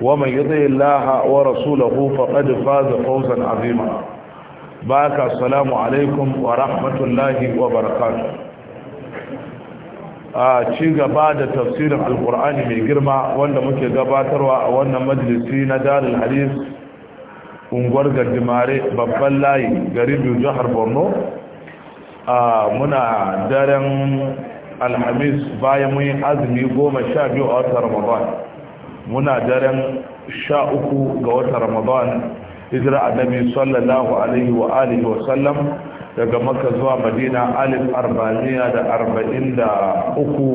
ومن يطع الله ورسوله فقد فاز فوزا عظيما بارك السلام عليكم ورحمة الله وبركاته a ci gaba da tafsirin alkur'ani mai girma wanda muke gabatarwa a wannan majalisi na Dalil hadis unguwar gardimare babban layi garibin jihar borno a muna daren alhamis bayan mun yi azumi goma sha biyu a watan ramadan muna daren sha uku ga wata ramadan hijira annabi sallallahu alaihi wa alihi wa sallam daga makka zuwa madina alif arba'iniya da arba'in da uku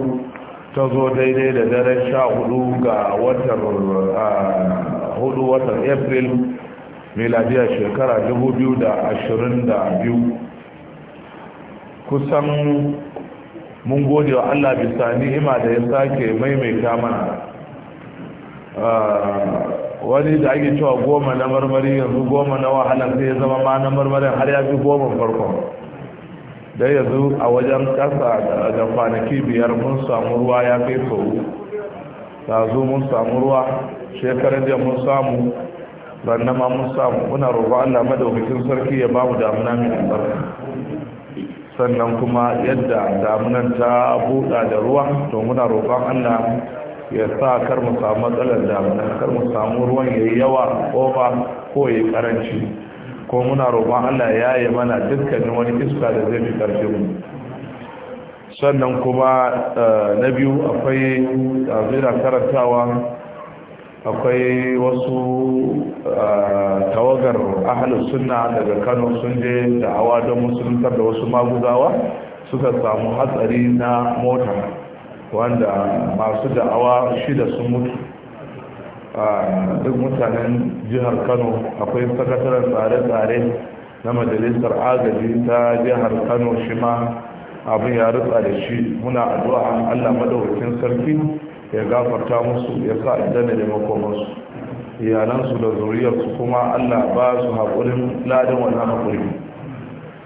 ta zo daidai da daren sha hudu ga watan hudu watan april miladiya shekara biyu. kusan mun gode wa allah bisa ni'ima da ya sake maimaita mana Ah, wani da ake cewa goma na marmari yanzu goma na wahala sai ya zama ma na marmarin har ya fi goma farkon da yanzu a wajen kasa da kwanaki biyar mun samu ruwa ya kai sau ta zo mun samu ruwa shekarar da mun samu ranna ma mun samu muna roƙo allah madaukakin sarki ya bamu damuna mai albarka sannan kuma yadda damunan ta buɗa da ruwa to muna roƙon allah ya sa kar mu samu matsalar damuna kar mu samu ruwan yayi yawa ko ba ko yayi karanci ko muna roƙon Allah ya yi mana dukkanin wani iska da zai fi karfin mu sannan kuma eh, na biyu akwai zira eh, karantawa akwai wasu eh, tawagar ahalus sunna daga kano sun je da hawa don musulunta da wasu maguzawa suka samu hatsari na mota wanda masu da'awa shida sun mutu a duk mutanen jihar kano akwai sakataren tsare-tsare na majalisar agaji ta jihar kano shi ma abin ya rutsa da shi muna addu'a allah madawakin sarki ya gafarta musu ya sa aljanna da makomansu iyalansu da zuriyarsu kuma allah ba su haƙurin ladin wani haƙuri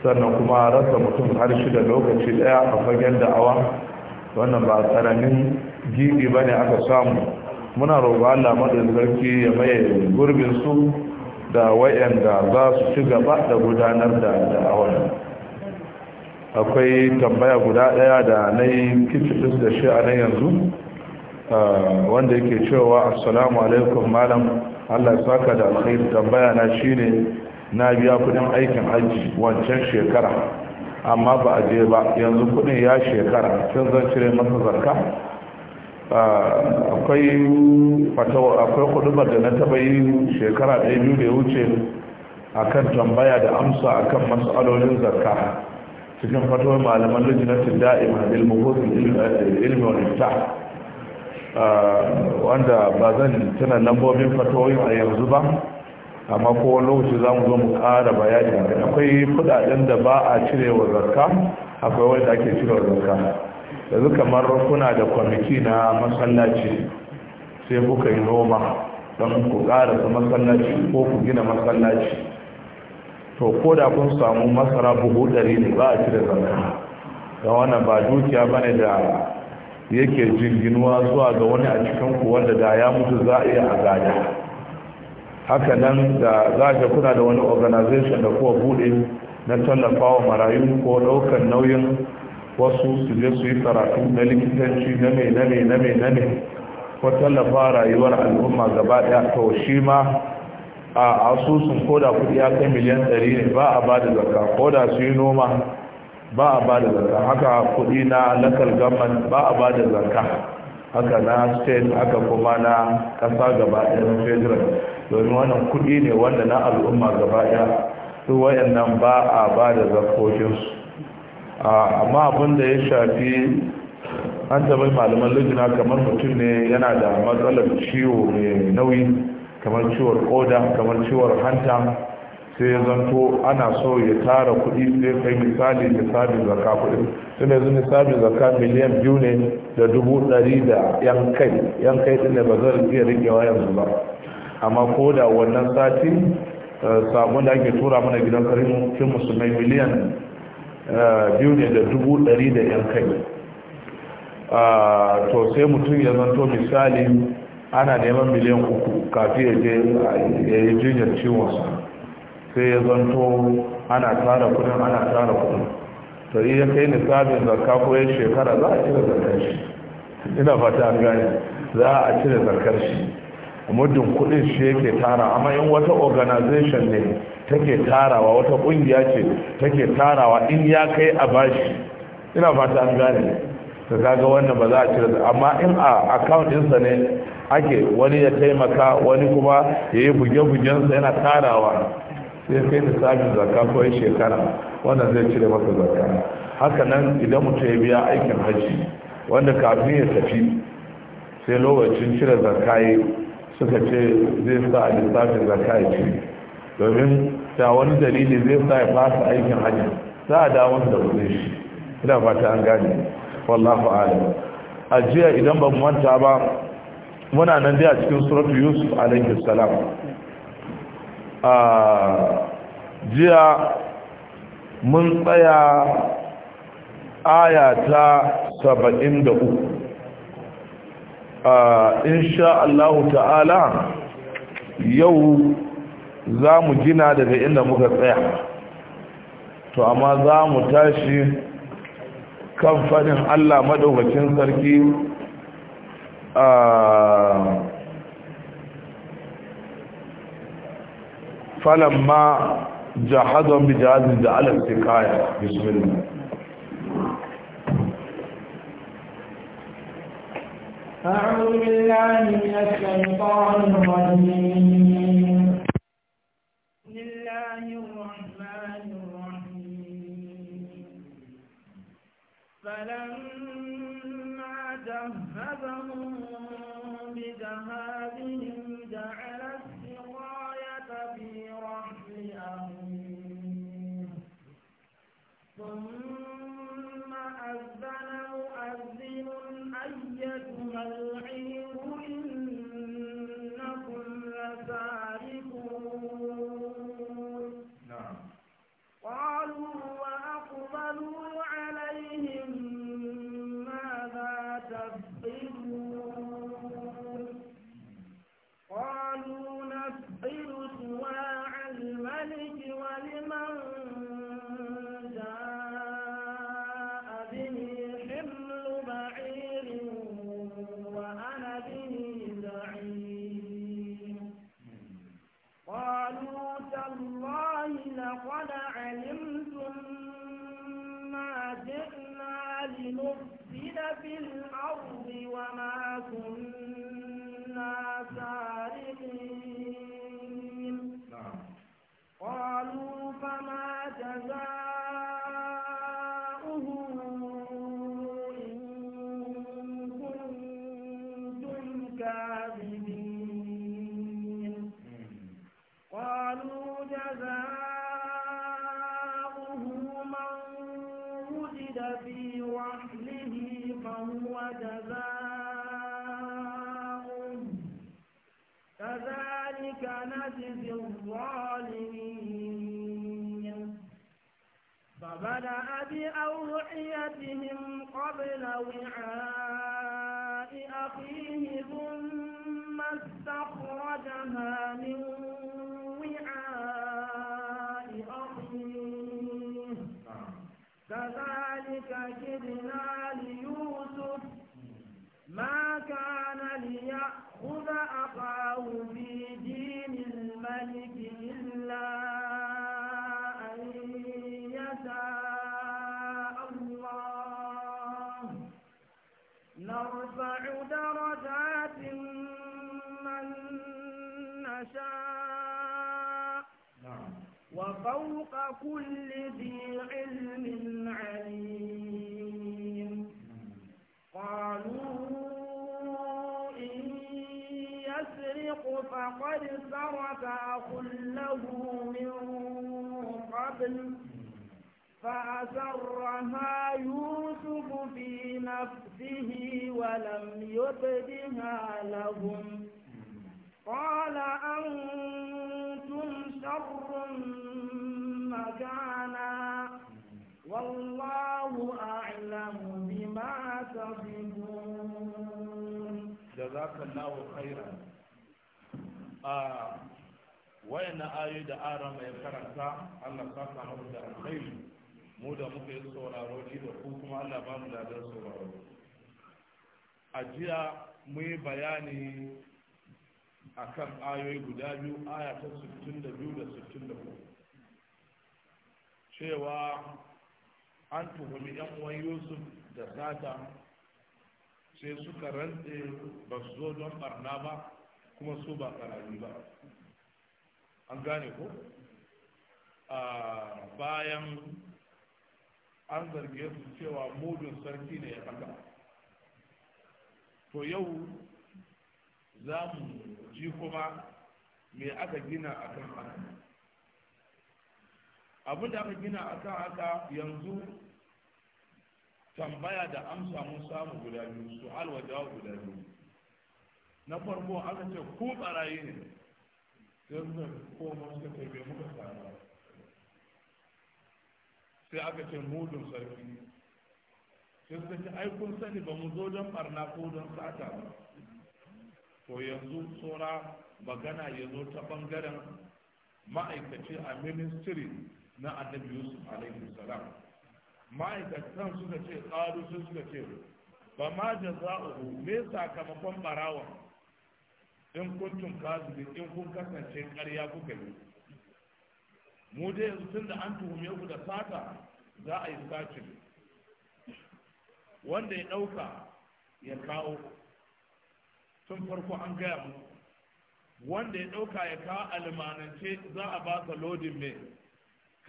sannan kuma rasa mutum har shida lokaci ɗaya a fagen da'awa wannan ba tsananin gidi ba ne aka samu muna roƙo allah maɗin sarki ya maye gurbin su da wayanda za su ci gaba da gudanar da da'awar akwai tambaya guda ɗaya da na yi kicitis da shi a nan yanzu wanda yake cewa assalamu alaikum malam allah saka da alkhairi tambaya na shine na biya kudin aikin hajji wancan shekara amma ba a je ba yanzu kudin ya shekara sun zan cire masa zarka ah, akwai fatawa kudubar da na taba yi shekara ɗaya biyu da ya wuce akan tambaya da amsa akan matsalolin zarka cikin fatawar malaman lajinatin da'ima da ilmuhotun eh, ilmi wa ah, wanda ba zan tuna lambobin fatawoyin a yanzu ba amma ko wani lokaci za mu zo mu kara bayani akwai kudaden da ba a cire wa zarka akwai wanda ake cire wa zarka yanzu kamar kuna da kwamiti na masallaci sai kuka yi noma don ku su masallaci ko ku gina masallaci to ko da kun samu masara buhu ɗari ne ba a cire zarka da wani ba dukiya ba ne da yake jirginuwa zuwa ga wani a cikin ku wanda da ya mutu za a iya a gada haka nan da za ka kuna da wani organization da kuwa bude na tallafawa marayu ko ɗaukar nauyin wasu su je su yi karatu na likitanci na mai na mai na mai na mai ko tallafa rayuwar al'umma gaba daya to shi ma a asusun koda kuɗi ya kai miliyan ɗari ne ba a ba da ko koda su yi noma ba a ba da zakka haka kuɗi na lakal gaman ba a ba da zakka haka na state haka kuma na ƙasa gaba ɗaya na federal domin wannan kuɗi ne wanda na al'umma gaba ɗaya su wayannan ba a ba da zakokinsu amma abin da ya shafi an taɓa malaman lujina kamar mutum ne yana da matsalar ciwo mai nauyi kamar ciwon koda kamar ciwon hanta sai ya zanto ana so ya tara kuɗi sai kai misali misali zaka kuɗi tun yanzu misali zaka miliyan biyu ne da dubu ɗari da yan kai yan kai ɗin da ba zan iya rikewa yanzu ba amma ko da wannan sati eh, sabon da ake tura mana gidan karin musulmai miliyan eh, biyu ne da dubu ɗari da yan kai ah, to sai mutum ya zanto misali ana neman miliyan uku kafin ya je ya yi jinyar ciwonsa sai ya zanto ana tara kudin ana tara kudin to ya kai nisabin zarka ko ya shekara za a cire zarkar shi ina fata an gane za a cire zarkar shi muddin kudin shi yake tara amma in wata organization ne take tarawa wata kungiya ce take tarawa in ya kai a bashi ina fata an gane ta kaga wannan ba za a cire amma in a account ɗinsa ne ake wani ya taimaka wani kuma ya yi buge-bugensa yana tarawa sai kai ta sami zakka ko shekara wannan zai cire masa zakka haka nan idan mutum ya biya aikin hajji wanda kafin ya tafi sai lokacin cire zakka suka ce zai sa a lissafin zakka ya ce domin ta wani dalili zai sa ya fasa aikin hajji za a dawo da kuɗin shi ina fata an gane wallahu alam a jiya idan ban manta ba muna nan dai a cikin suratu yusuf alaihi salam a jiya mun tsaya aya ta saba'in da uku insha Allah ta'ala yau za mu gina daga inda muka tsaya to amma za mu tashi kan fadin Allah madaukakin sarki a falamma jahadon bijazin da alastikaya bismillah أعوذ بالله من الشيطان الرجيم فلما ذهبهم بذهابهم من قالوا فما تزال وبدأ بأوعيتهم قبل وعاء أخيه ثم استخرجها من وعاء أخيه نعم. كذلك كدنا ليؤمن كل ذي علم عليم قالوا إن يسرق فقد سرق أخ له من قبل فأسرها يوسف في نفسه ولم يبدها لهم قال أنتم شر مكانا والله أعلم بما تصفون جزاك الله wayan ayoyi da ara mai karanta Allah saka mu da alkhairi mu da muka yi sauraro ni da kuma Allah ba da dan sauraro a jiya mu yi bayani akan ayoyi guda biyu aya ta 62 da 64 cewa an tuhumi yan uwan yusuf da sata sai suka rantse ba su zo don barna ba kuma su ba karami ba an gane ko bayan an zarge su cewa mudun sarki ne ya haka to yau za mu ji kuma me aka gina akan haka abin da aka gina a kan haka yanzu tambaya da amsa mun samu guda biyu su halwa jawo guda biyu na farko aka ce ku barayi ne sai muka koma suka ce bai muka tsara sai aka ce mudun sarki sai suka ce ai kun sani ba mu zo don barna ko don sata ba to yanzu tsora magana ya zo ta bangaren ma'aikaci a ministry na annabi yusuf alaihi salam ma'aikatan suka ce ƙaru sun suka ce ba ma jaza'uhu me sakamakon barawa in kuntum kazibi in kun kasance ƙarya kuka yi mu dai yanzu tun da an tuhume ku da sata za a yi sacin wanda ya ɗauka ya kawo tun farko an gaya mu wanda ya ɗauka ya kawo almanance za a ba sa lodin mai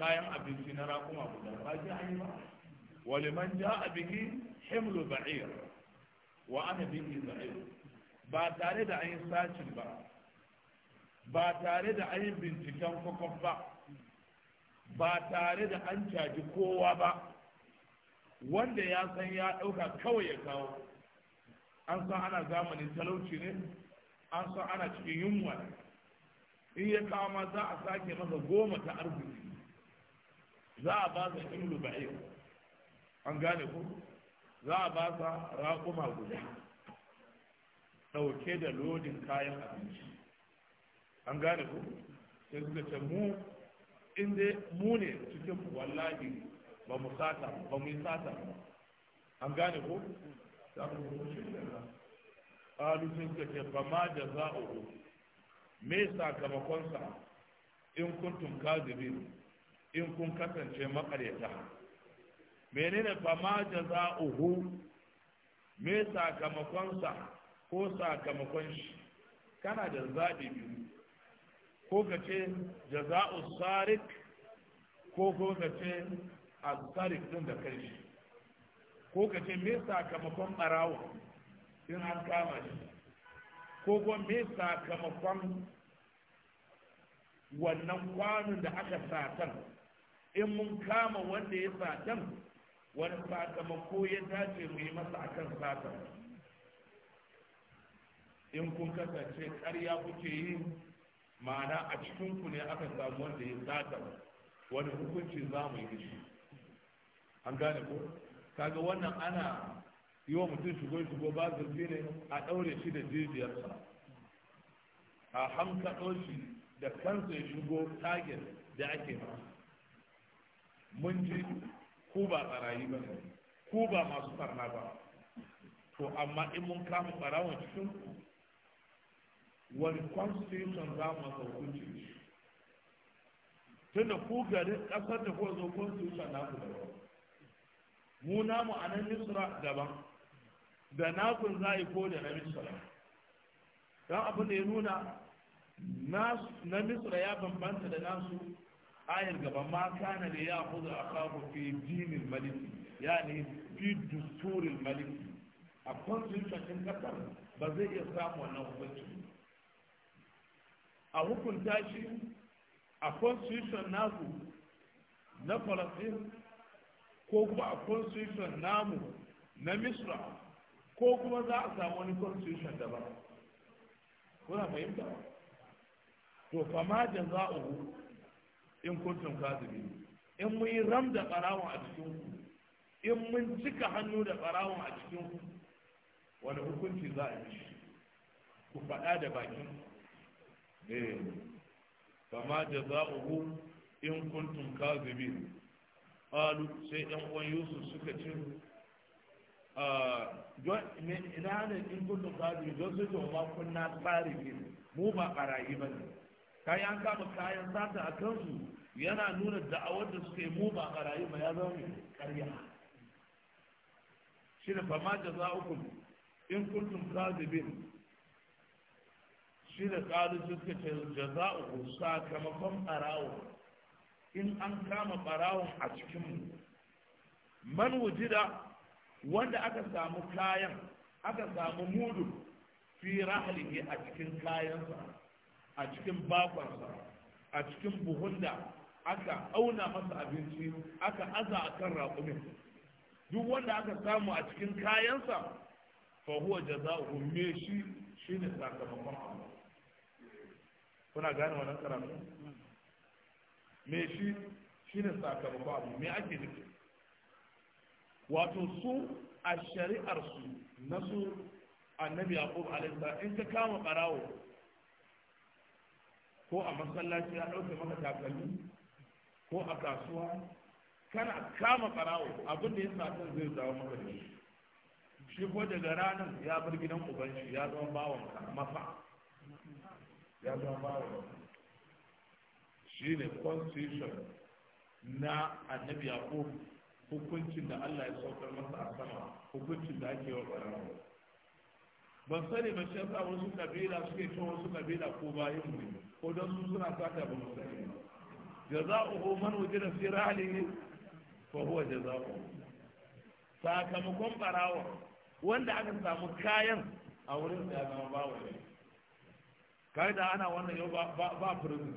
kayan abinci na raƙuma guda ba shi an yi ba wani ja a biki himlu ba'ir wa ana bihi ba'ir ba tare da an yi sacin ba ba tare da an yi binciken kwakwaf ba ba tare da an caji kowa ba wanda ya san ya ɗauka kawai ya kawo an san ana zamanin talauci ne an san ana cikin yunwa in ya kawo ma za a sake masa goma ta arziki za a ba sa imlu ba'ir an gane ku za a ba sa raƙuma guda ɗauke da lodin kayan abinci an gane ku sai suka ce mu inda mu ne cikin wallahi ba mu sata ba mu yi sata an gane ku za mu rushe da ƙalu sun suka ce ba ma da za'uhu me sakamakonsa in kuntum biyu. in kun kasance maƙaryata menene fama jaza'uhu me sakamakonsa ko sakamakon shi kana da zaɓi biyu ko ka ce jaza'u sarik ko ko ka ce asarik ɗin da kai shi ko ka ce me sakamakon ɓarawo in an kama shi ko ko me sakamakon wannan kwanon da aka satan in mun kama wanda ya satan wani sakamako ya dace mu yi masa akan satan in kun kasance ƙarya kuke yi ma'ana a cikin ne aka samu wanda ya satan wani hukunci za mu yi shi an gane ko kaga wannan ana yi wa mutum shigo shigo ba zurfi ne a ɗaure shi da jijiyarsa a hankalo shi da kansa ya shigo target da ake masa mun ji ku ba tsarayi ba ku ba masu farna ba to amma in mun kama ɓarawon cikin ku wani constitution za mu masa hukunci tunda ku gari, ƙasar da kuwa zo constitution na ku daban mu namu a nan misra daban da nakun za a yi ko da na misra don abin da ya nuna na misra ya bambanta da nasu ayar gaba ma kana da ya kudu a kawo fi dinin maliki yani fi dusturin maliki a constitution ɗin ƙasar ba zai iya samu wannan hukunci a hukunta shi a constitution nasu na falastin ko kuma a constitution namu na misra ko kuma za a samu wani constitution ba? kuna fahimta to fama jaza'uhu in kuntum kadirin in mun ram da barawon a cikin ku in mun cika hannu da barawon a cikin ku wani hukunci za a yi ku faɗa da bakin eh fama jaza'uhu in kuntum kadirin qalu sai 'yan uwan yusuf suka ce ah, ina ne in kuntum kadirin don su ma kunna tsari mu ba barayi ba ne kayan an kama kayan sata a kansu yana nuna da'awar da suka yi mu a rayu ba ya zama mai karya shi da fama uku, in kuntum kazibin shi da ƙalu suka ce uku sakamakon barawo in an kama ɓarawon a cikin man wujida wanda aka samu kayan aka samu mudu fi rahalihi a cikin kayansa a cikin bakonsa a cikin buhun da aka auna masa abinci aka aza a kan raƙumin duk wanda aka samu a cikin kayansa fa huwa jaza'uhu me shi shine sakamakon Allah kuna gane wannan karatu me shi shine sakamakon abu me ake nufi wato su a shari'ar su na su annabi yaqub alaihi in ka kama barawo ko a masallaci ya ɗauke maka takalmi ko a kasuwa kana kama ɓarawo abin da ya sa zai dawo maka da shi shi ko daga ranar ya bar gidan uban shi ya zama bawon mafa ya zama bawon shi ne constitution na annabi yaqub hukuncin da Allah ya saukar masa a sama hukuncin da ake wa ɓarawo ban sani ba shi yasa wasu kabila suke cewa wasu kabila ko bayan mu ko don su suna sata ba musa jaza'uhu man wajida fi rahlihi fa huwa jaza'uhu sakamakon barawa wanda aka samu kayan a wurin da zama ba ne kai da ana wannan yau ba furin.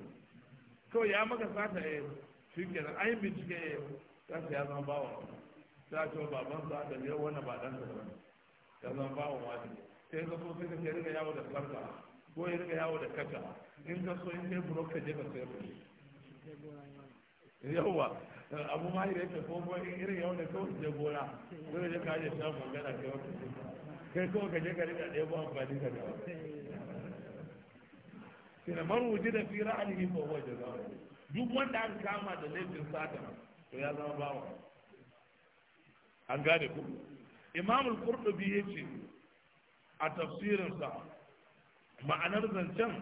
to ya maka sata eh shi kenan an yi bincike ya eh, zan ya zama bawa ta ce baban sa da yau wannan ba dan da ba ya zama bawa wani sai ka so sai ka riga yawo da sarka ko ya rika yawo da kaka in ka so in kai burok ka je ka sayar yawwa abu ma ya ce ko ko in irin yawo da kawai je gona ko ya je ka je shan magana kai wata kai kawai ka je ka rika ɗebo amfani ka dawo sina man wujida fi ra'alihi fa huwa jazaa'u duk wanda aka kama da laifin sata to ya zama bawa an gane ku Imamul qurtubi yace a tafsirin sa ma'anar zancen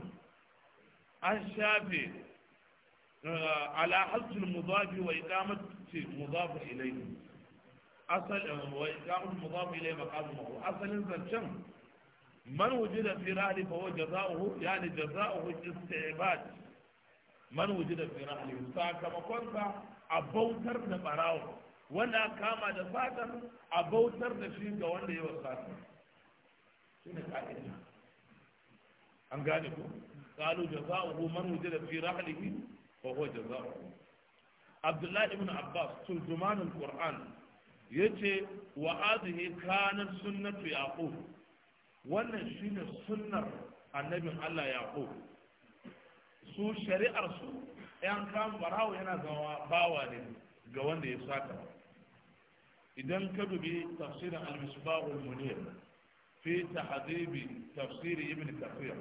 an shafe eh, alahalcin hasbul wa iqamati mudafi ilayhi ilai eh, wa iqamati mudafi ilayhi maqam asalin zancen man wujida fi rahli fa huwa jazaohu yani jazaohu istibad man da fi rahli sakamakon sa a bautar da barawo wanda kama da fatan a bautar da shi ga wanda ya wasa shi ne ka'ida an gane ku qalu jazaohu man wujida fi rahlihi fa huwa jazaohu abdullahi ibn abbas turjuman alquran yace wa hadhihi kanat sunnatu yaqub wannan shine sunnar annabin Allah yaqub su shari'ar su yan kan barawo yana zama bawa ne ga wanda ya saka idan ka dubi tafsirin al-misbahul munir fi tahdhibi tafsir ibn kathir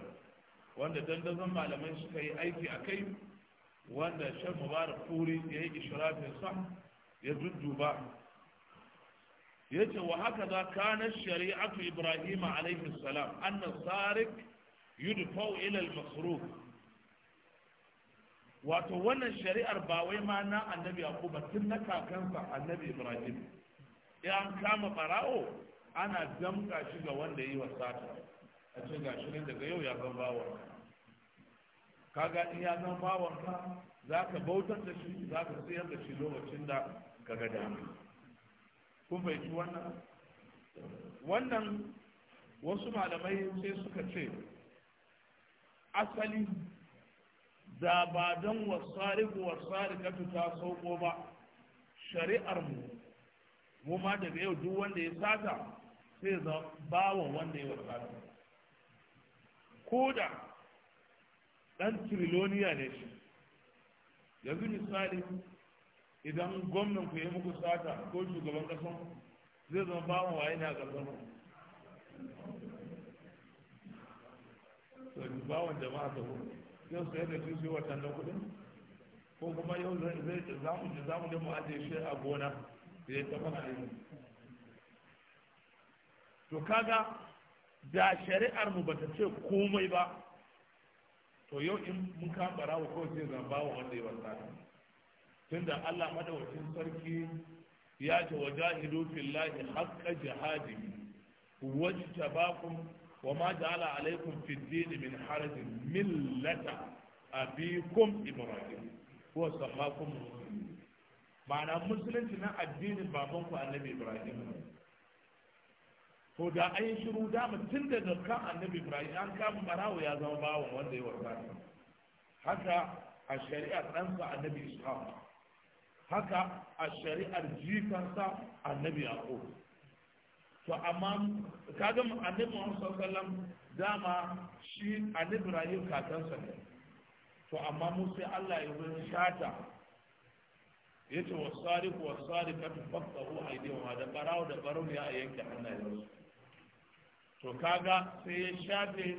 wanda dandazon malamai suka yi aiki a kai wanda shan mubarak furi ya yi ishirafin sa ya dudduba ya ce wa haka za na shari'atu ibrahim alaihi salam annan tsarik yudfau ilal masruf wato wannan shari'ar ba wai ma na annabi ba tun na kakansa annabi ibrahim ya an kama barawo ana damka shi ga wanda yi wa sata a cin ga ne daga yau ya zama bawon ga in ya zama bawon ka za ka bautar da shi za ka tsayar da shi lokacin da ka ga dama kun fahimci wannan wannan wasu malamai sai suka ce asali da ba don wasari ka ta sauko ba shari'ar mu mu ma daga yau duk wanda ya sata sai zama bawa wanda ya wasarika koda dan ɗan triloniya ne shi yanzu misali idan gwamnan ku yi muku sata ko shugaban kasan zai zama mu waye ne a ƙasar to bawan jama'a ta ku yau sai da su sai watan da kuɗin ko kuma yau zai zamu ji zamu da mu aje shi a gona da ya tafi halin to kaga da shari'ar mu bata ce komai ba to yau in mun kambara wa kawai ce zan wanda ya wasa. tun da Allah madawacin sarki ya ce wa jahidu fillahi haqqa jihadi wajtabakum wa ma ja'ala alaykum fid din min haraj millata abikum ibrahim wa sahakum ma'ana musulunci na addinin babanku annabi ibrahim ko da an yi shiru dama tun da zakkan annabi ibrahim an kama barawo ya zama bawan wanda ya warka haka a shari'ar ɗansa annabi ishaq haka a shari'ar jikansa annabi yaqub to amma kaga annabi muhammad sallallahu alaihi dama shi annabi ibrahim kakansa ne to amma mu sai Allah ya yi shata yace wasariku wasarikatu fakkahu aydihum da barawo da barawo ya yanke hannayensu to kaga sai ya shafe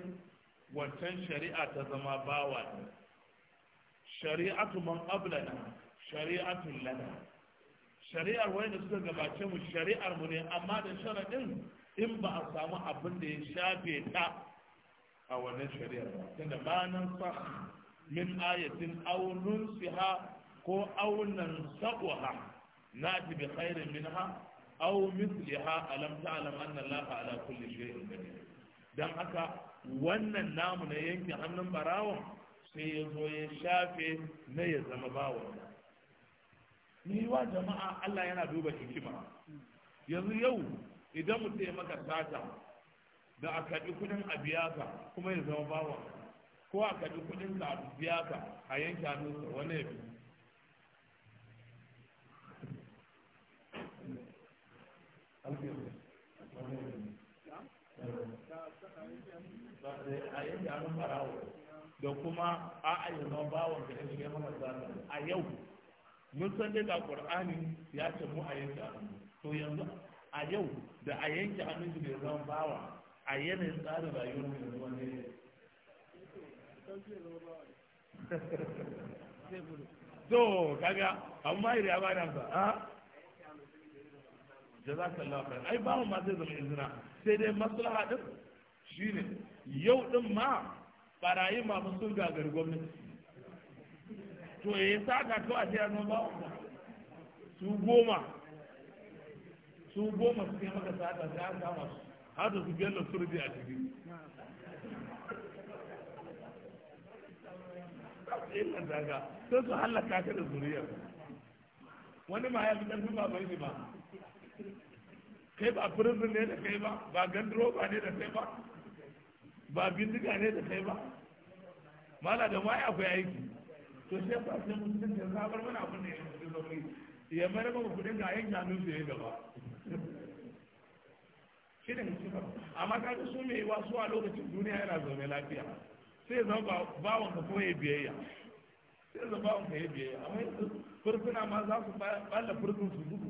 wancan shari'a ta zama bawa ne shari'atu man qablana shari'atun lana shari'ar wanda suka gabace mu shari'ar mu ne amma da sharadin in ba a samu abin da ya shafe ta a wannan shari'ar ba tunda ma nan sa min ayatin aw nunsiha ko aw nan sa'uha nati bi khairin minha aw misliha alam ta'lam anna Allah ala kulli shay'in qadir dan haka wannan namu na yanke hannun barawon sai ya zo ya shafe na ya zama bawon ni wa jama'a Allah yana duba hikima yanzu yau idan mutum ya maka sata da a kaɗi kuɗin a biya ka kuma ya zama bawon ko a kaɗi kuɗin ka a biya ka a yanke hannunsa wani ya fi a yanke hannun da kuma a ayyana bawon da ya mana zata a yau mun san dai ga qur'ani ya ce mu a yanke to yanzu a yau da a yanke hannun shi bai zama bawa a yanayin tsarin rayuwar mu yanzu wani to kaga amma ya ba da ba jazakallahu khair ai bawan ma zai zama izina sai dai maslaha din shine yau din ma barayi ma mun sun gagari gwamnati to ya sa a jiya zama bawan ma su goma su goma su kai maka sata sai an kama su har da su daga sai su hallaka ka da zuriyar wani ma ya fi ɗan ba bai ne ba kai ba firin ne da kai ba ba ba ne da kai ba ba bindiga ne da kai ba mala da ma yi aiki to sai ba sai mun san da zabar mana abin da ya yi da kai ya mara ba ku ga yin jami'u da ya gaba shi ne mutum amma ka ga su wa su a lokacin duniya yana zaune lafiya sai zama ba bawon ka kuma ya biyayya sai zama ba ka ya biyayya amma yanzu fursuna ma za su balla fursun su gudu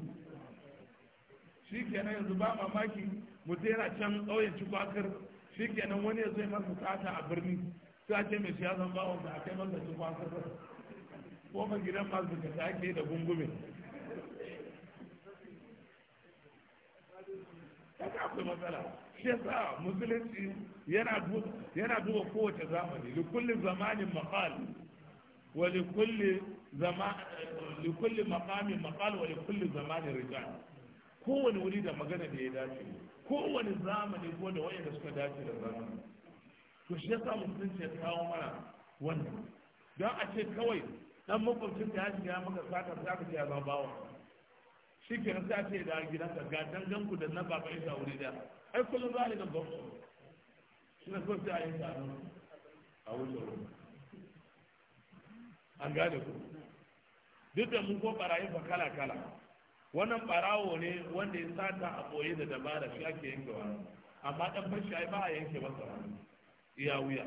shi kenan yanzu ba mamaki mu yana can ƙauyen cikwakar shi kenan wani ya zai masu bukata a birni sai ce mai siyasan ba wanda a kai masa cikwakar ko ma gidan masu da ake da gungume kaga akwai matsala shi yasa musulunci yana duba kowace zamani da kullum zamanin maqal wa li kulli zamanin maqal wa zamanin rijal kowane wuri da magana da ya dace kowane zamani ko da da suka dace da zamani to shi yasa musulunci ya kawo mana wannan don a ce kawai dan makwabcin da ya shiga maka sata za ka ya zama bawa shi ke nan sai a ce da gidanka ga dangan ku da na baba ya wuri da ai kullum za a yi da gwamnati shi na so sai a yi sa a wuce ruwa, an gane ku duk da mun ko barayin fa kala kala wannan barawo ne wanda ya sata a boye da dabara shi ake yanke wa amma dan fashi ai ba a yanke masa iya wuya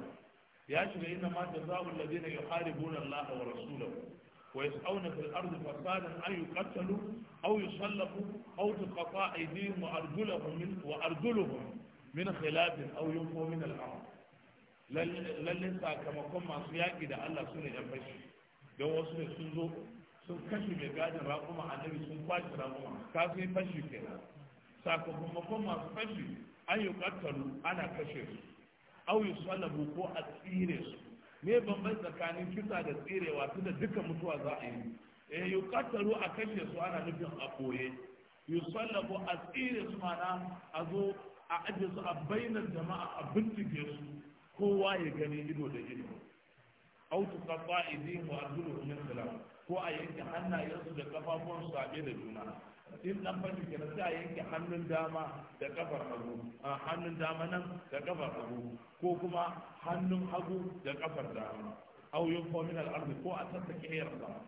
ya shiga inna ma jazaa'u alladhina yuharibuna Allah wa rasulahu wa yas'awna fil ardi fasadan an yuqtalu aw yusallabu aw tuqata aydihim wa arjuluhum min wa arjuluhum min khilaf aw yunfu min al-ard lalle sakamakon masu yaki da Allah sune yan fashi don wasu ne sun zo sun kashe mai gadin a annabi sun kwace raguma. ka sai fashi kenan sakamakon masu fashi an yi ƙattalu ana kashe su au yi salabu ko a tsire su me bambanci tsakanin kisa da tsirewa da duka mutuwa za a yi eh yi ƙattalu a kashe su ana nufin a ɓoye yi salabu a tsire su mana a zo a ajiye su a bainar jama'a a bincike su kowa ya gani ido da ido Autu tuqatta idihim wa arjuluhum min khilaf ko a yanke hannayensu da kafafuwan su haɗe da juna in dan fashi ke sai a yanke hannun dama da kafar hagu hannun dama nan da kafar hagu ko kuma hannun hagu da kafar dama au yin fominal arzi ko a sassake hayar sama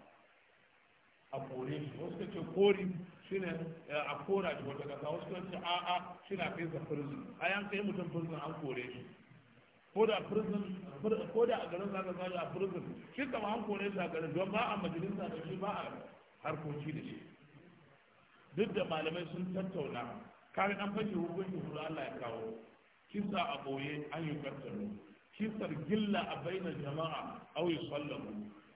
a kore shi wasu kace kori shi ne eh, a kora shi wata kasa wasu kace a'a shi na fesa prison a yanka yi mutum prison an kore shi ko da prison ko da a garin zaka sashi a prison shi kama an kore garin don ba a majalisa da shi ba a harkoki da shi duk da malamai sun tattauna kare an fashe hukunci hudu Allah ya kawo kisa a boye an yi kattaro kisar gilla a bainar jama'a au yi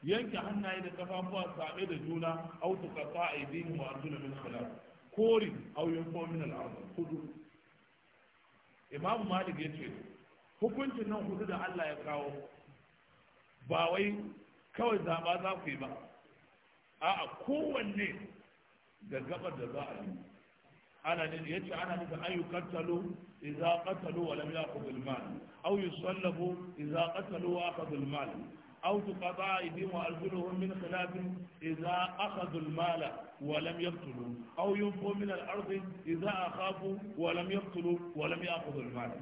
yanke hannaye da kafafuwa same da juna au tukata a idin wa arjuna min khilaf kori au yin fomin al'adu hudu imamu malik ya ce hukuncin nan hudu da Allah ya kawo ba wai kawai zaɓa za ku yi ba a kowanne da gabar da za a yi ana ne ya ce ana nufin an yi kattalo idza qatalu wa lam yaqud al-mal aw yusallabu idza qatalu wa akhadhu al-mal aw tuqata aydihim wa arjuluhum min khilaf idza akhadhu al-mala wa lam yaqtulu aw yunfu min al-ardi idza akhafu wa lam yaqtulu wa lam yaqud al-mal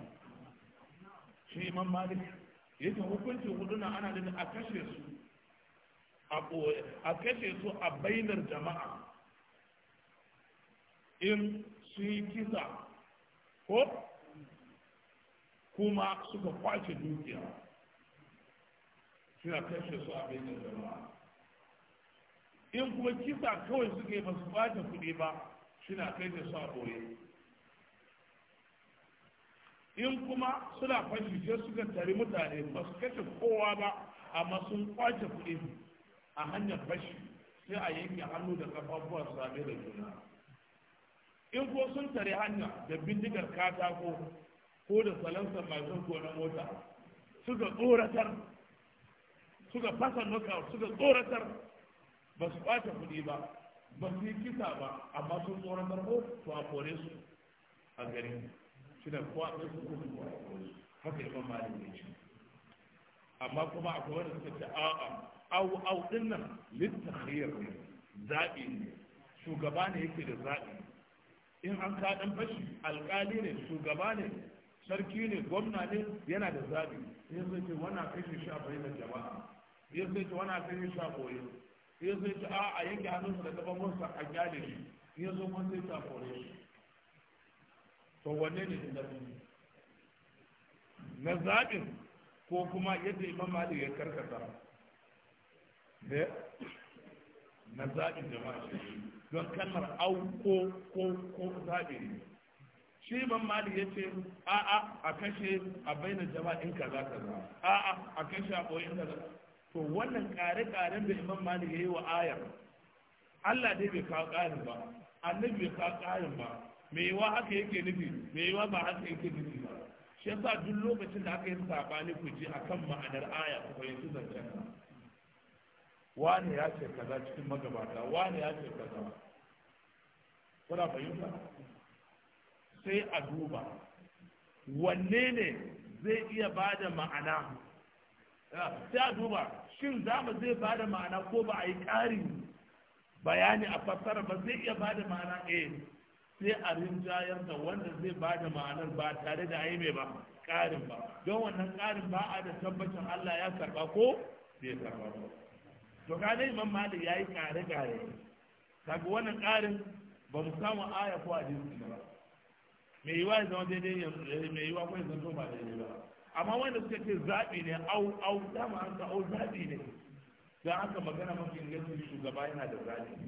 shi imam malik yake hukuncin huduna ana da a kashe su a a kashe su a bainar jama'a in su yi kisa ko kuma suka kwace dukiya suna kashe su a bainar jama'a in kuma kisa kawai suke ba su kwace kuɗi ba suna kashe su a ɓoye in kuma suna fashi sai suka tare mutane ba su kashe kowa ba amma sun kwace kuɗi a hanyar fashi sai a yanke hannu da kafafuwa same da juna in ko sun tare hanya da bindigar katako ko da salansa mai ko na mota suka tsoratar suka fasa knockout suka tsoratar ba su kwace kuɗi ba ba su yi kisa ba amma sun tsoratar ko to a kore su a garin shi da kowa ɗin su kuma haka yi malik ne ce amma kuma akwai wanda suka ce a'a au au din nan khayyar ne zaɓi ne shugaba ne yake da zaɓi in an ka ɗan fashi alƙali ne shugaba ne sarki ne gwamna ne yana da zaɓi ya zai ce wana kai shi a da jama'a ya zai ce wana kai shi a koyo ya zai ce a yanke hannunsa da gaban wansa a gyale shi ya zo wanda ya ta kore shi to wanne ne da na zaɓin ko kuma yadda imam malik ya karkata eh, na zaɓin jama'a don kalmar au ko ko ko zaɓi ne shi imam malik ya ce a'a a kashe a baina jama'a in kaza kaza a'a a kashe a ɓoyin kaza to wannan ƙare-ƙaren da imam malik ya yi wa ayar Allah dai bai kawo ƙarin ba annabi bai kawo ƙarin ba me yiwa haka yake nufi me yiwa ba haka yake nufi ba shi yasa duk lokacin da aka yi sabani ku ji akan ma'anar aya ku fahimci zancen ta? wani ya ce kaza cikin magabata wani ya ce kaza kuna fahimta sai a duba wanne ne zai iya ba da ma'ana ah, sai a duba shin zamu zai ba da ma'ana ko ba a yi ƙarin bayani a fassara ba zai iya ba da ma'ana eh sai a rinjayar da wanda zai ba da ma'anar ba tare da ai mai ba ƙarin ba don wannan ƙarin ba a da tabbacin Allah ya karba ko bai karba ba to kaga imam malik yayi kare kare kaga wannan ƙarin ba mu samu aya ko hadisi ba me yiwa ya zama daidai eh, me yiwa ko ya zama ba daidai ba amma wanda suka ce zaɓi ne au au dama an ka au zaɓi ne don haka magana mafi ingancin shugaba yana da zaɓi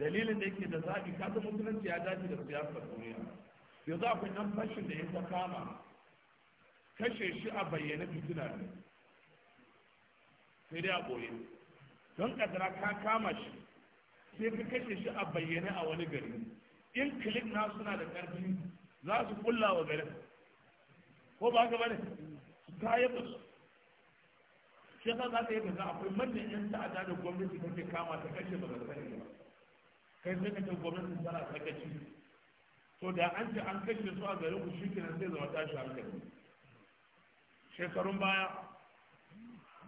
dalilin da yake da zaɓi kasa musulunci ya dace da siyasar duniya za ku ɗan fashin da ya ta kama kashe shi a bayyane fitina ne sai dai a ɓoye don ƙasara ka kama shi sai ka kashe shi a bayyane a wani gari in kilik na suna da ƙarfi za su kulla wa garin ko ba ka bane su kayi musu shi yasa za ka yi gaza akwai manyan yan ta'adda da gwamnati take kama ta kashe ba ta sani ba kai sai ka ce gwamnatin tana sakaci to da an ce an kashe su a garin ku shikenan sai zama tashi hankali shekarun baya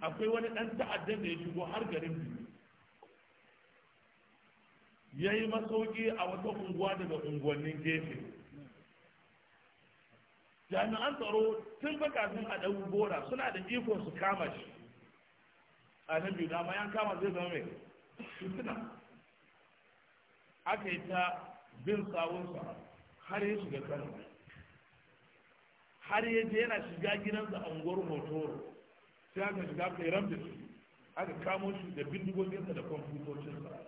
akwai wani ɗan ta'addan da ya shigo har garin biyu ya yi masauki a wata unguwa daga unguwannin gefe jami'an tsaro tun baka sun a ɗan gora suna da ikon su kama shi a nan biyu dama yan kama zai zama mai aka yi ta bin sawunsa har ya shiga kano har ya je yana shiga gidansa da unguwar motor sai aka shiga kai da shi aka kamo shi da bindigoginsa da kwamfutocinsa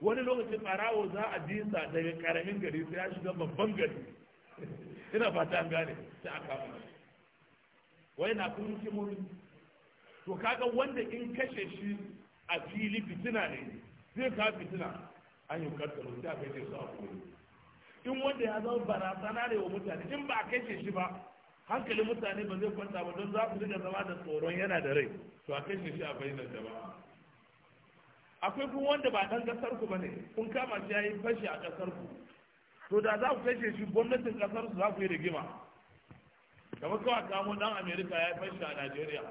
wani lokacin barawo za a bi sa daga karamin gari sai ya shiga babban gari ina fata an gane sai a kama shi wai na kun hikimomi to kaga wanda in kashe shi a fili fitina ne zai ka fitina an yi kattalu sai a kashe su a kuri in wanda ya zama barazana ne wa mutane in ba a kashe shi ba hankalin mutane ba zai kwanta ba don za su riga zama da tsoron yana da rai to a kashe shi a bayyana jama'a akwai kuma wanda ba dan kasar ku bane kun kama shi yayi fashi a kasar ku to da za ku kashe shi gwamnatin kasar su za ku yi rigima kamar kawai kamo dan amerika ya fashi a najeriya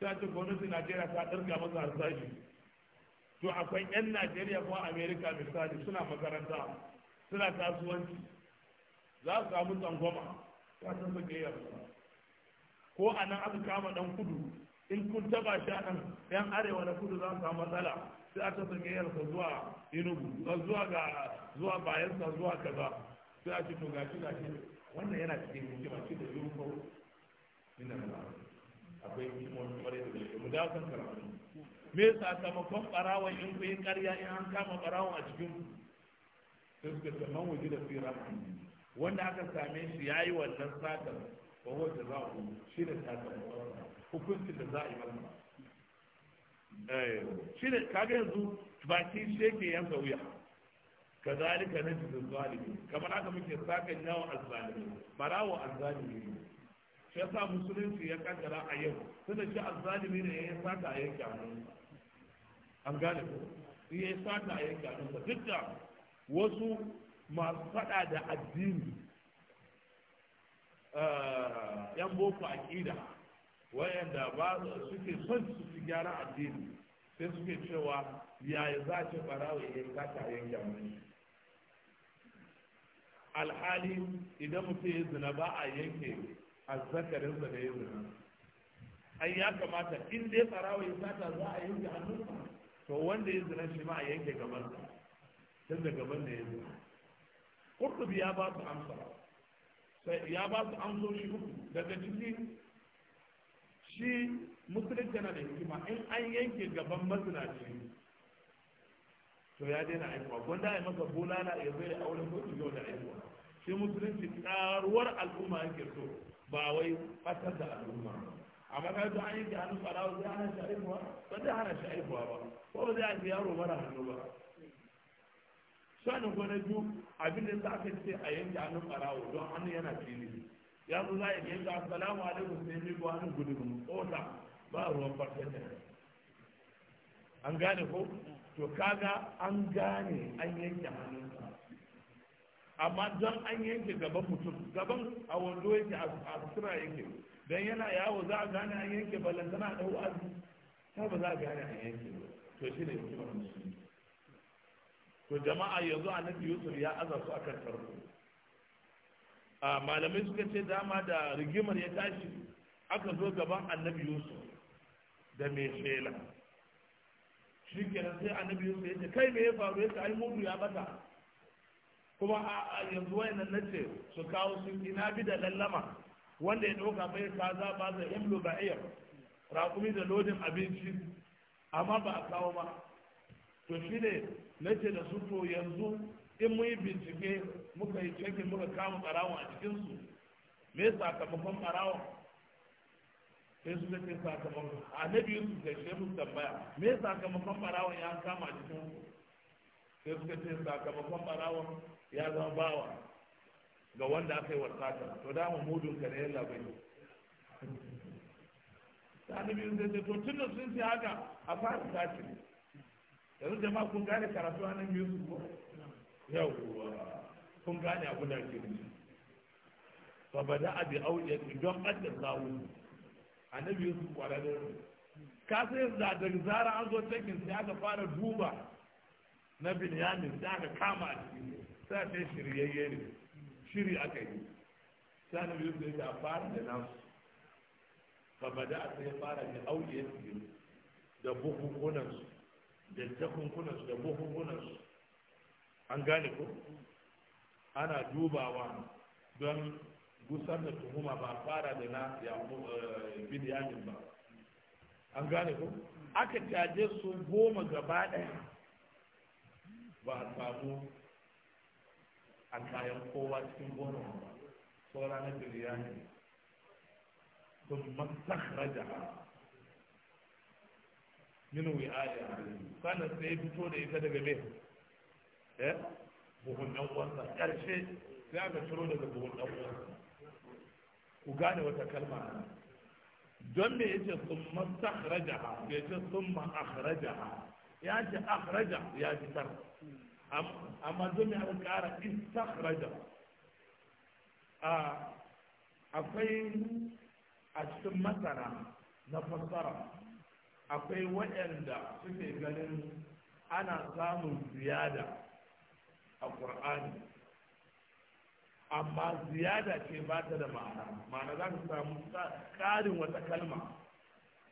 sai a ce gwamnatin najeriya ta ɗarga masa harsashi to akwai 'yan najeriya ko amerika misali suna makaranta suna kasuwanci za su samu tsangwama ta san su gayyar ko a nan aka kama dan kudu in kun taba shi nan yan arewa na kudu za su samu matsala sai a ta gayyar sa zuwa inugu zuwa ga zuwa bayan sa zuwa kaza sai a ce to gashi gashi wannan yana cikin hikima ce da yiwu ko ina akwai hikimomi kwarai da gaske mu dawo kan karatu me sakamakon barawon in kuyi yi karya in an kama barawon a cikin sai suka ce man waje da tsira wanda aka same shi ya yi wannan satar ba wanda za ku shi da satar hukuncin da za a yi masa eh, shi ne kaga yanzu baki shi ke yanka wuya zalika na jikin zalimi kamar haka muke sakan yawan azzalimi barawon azzalimi shi yasa musulunci ya kaddara a yau tunda shi azzalimi ne ya sata a yanke hannunsa an gane ko ya yi sata a yanke hannunsa duk da wasu masu fada da addini eh, yan boko ƙida, wayanda ba suke son su fi gyara addini sai suke cewa yaya za ce barawa ya saka a yanke hannunsa alhali idan mutum ya zina ba a yanke azzakarinsa da yin zina ai ya kamata in dai tsarawa ya sata za a yanke hannunsa to wanda ya zina shi ma a yanke gaban tun da gaban da ya zina kurtubi ya ba su amsa ya ba su amsoshi uku daga ciki shi musulunci yana da hikima in an yanke gaban mazinaci to ya daina aikuwa gwanda ya masa bulala ya zai auren kotu yau da aikuwa shi musulunci karuwar al'umma ke so ba wai fatar da al'umma amma ka an yi da hannun ɓarawa zai hana shi aihuwa ba zai hana shi aihuwa ba ko ba zai haifi yaro mara hannu ba sanin ko na biyu abin da za ka ce a yanke hannun ɓarawa don hannu yana fili ya zo za a yanke assalamu alaikum sai mai ko hannun mu kota ba ruwan ne an gane ko to kaga an gane an yanke hannunsa amma don an yanke gaban mutum gaban a wando yake a sutura yake don yana yawo za a gane an yanke balantana a ɗau azu ta ba za a gane an yanke to shi ne hikimar musulmi to jama'a yanzu annabi yusuf ya aza su akan tarko malamai suka ce dama da rigimar ya tashi aka zo gaban annabi yusuf da mai shela shi kenan sai annabi yusuf ya ce kai me ya faru ya ce ai mudu ya bata kuma a yanzu wayannan ce su kawo su ina bi da lallama wanda ya ɗauka bai kaza ba da imlu iya raƙumi da lodin abinci amma ba a kawo ba to shi ne na ce da su to yanzu in mun yi bincike muka yi cikin muka kama barawon a cikinsu me sakamakon barawon sai su ce sakamakon annabi yusuf da shehu tambaya me sakamakon barawon ya kama a cikin sai suka ce sakamakon barawon ya zama bawa ga wanda aka yi wasata to dama mudun ka ne yalla bai sani biyu zai ce to tun da sun ce haka a fara sace yanzu jama'a kun gane karatu a nan biyu su ko yau kun gane abu da ke ne fa da abi auyati don adda sawu annabi yusuf kwararren ka sai da daga zara an zo cikin sai aka fara duba na binyamin da aka kama a cikin sai ta shiryayye ne shiri aka yi sa na biyu sai ta fara da nasu fa bada sai ya fara da auye su da buhunkunan su da takunkunan su da buhunkunan su an gane ko ana dubawa don gusar da tuhuma ba fara da na eh, binyamin ba an gane ko aka caje su goma gaba ɗaya ba a samu a kayan kowa cikin gona ba saura na duniya ne sun masakhraja min wi'aya sannan sai fito da ita daga me eh buhun dan uwansa karshe sai aka ciro daga buhun dan uwansa ku gane wata kalma don me yace sun masakhraja yace sun ma akhrajaha ya ce akhraja ya fitar amma zumi aka kara istakhraja akwai a cikin masana na fassara akwai waɗanda suke ganin ana samun ziyada a ƙur'ani amma ziyada ce ba ta da ma'ana ma'ana za ka samu ƙarin wata kalma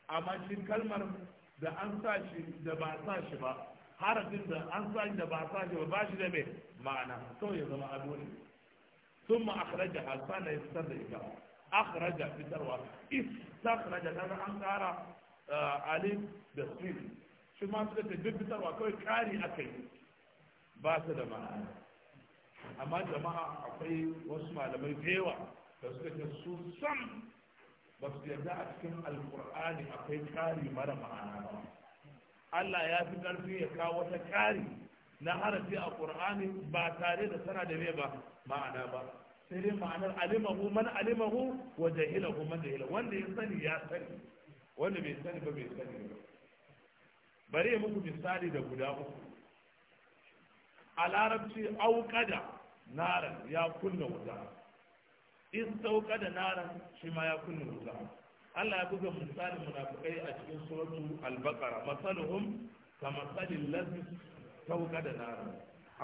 amma shi kalmar da an sa shi da ba sa shi ba harafin da an sa shi da ba sa shi ba ba shi da mai ma'ana kawai ya zama ado ne sun ma akhraja hasana ya fitar da ita akhraja fitarwa istakhraja kaga an kara eh, alif da sin shi ma su ce duk fitarwa kawai kari aka yi ba su da ma'ana amma jama'a akwai wasu malamai da yawa da suka ce su san. ba su yarda a cikin alkur'ani akwai ƙari mara ma'ana ba Allah ya fi ƙarfi ya kawo wata ƙari na harafi a ƙur'ani ba tare da tana da me ba ma'ana ba sai dai ma'anar alimahu man alimahu wa jahilahu man jahila wanda ya sani ya sani wanda bai sani ba bai sani ba bari muku misali da guda uku a larabci auƙada naran ya kunna wuta in sauka da naran shi ma ya kunna wuta Allah ya buga misalin munafikai a cikin suratu al-baqara masaluhum kama salil ladhi sauka da naran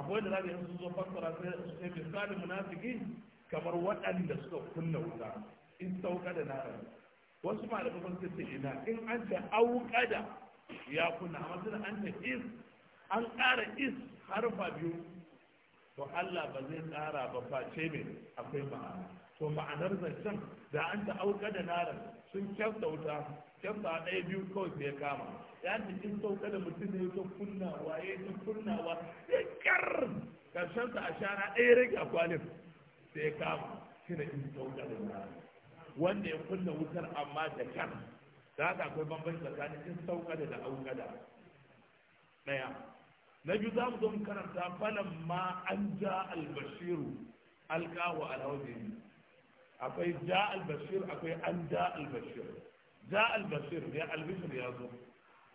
akwai da zaka yanzu zo fassara sai misalin munafiki kamar waɗanda suka kunna wuta in sauka da naran wasu malamai sun ce ina in an ta auqada ya kunna amma sai an ta is an ƙara is harfa biyu to Allah ba zai ƙara ba face mai akwai ma'ana to ma'anar zancen da an ta auka da naran sun kyauta wuta kyauta ɗaya biyu kawai sai ya kama ya ta kin sauka da mutum ne ta kunnawa ya yi ta kunnawa ya kyar karshen sa a shara ɗaya rage a kwalin sai ya kama shi ne in sauka da naran wanda ya kunna wutar amma da kyar, da haka akwai bambanci tsakanin in sauka da da auka da ɗaya na biyu za mu zo mu karanta falan ma an ja albashiru alƙawa alhawajiri akwai ja albashir akwai an ja albashir ja albashir ya albishir ya zo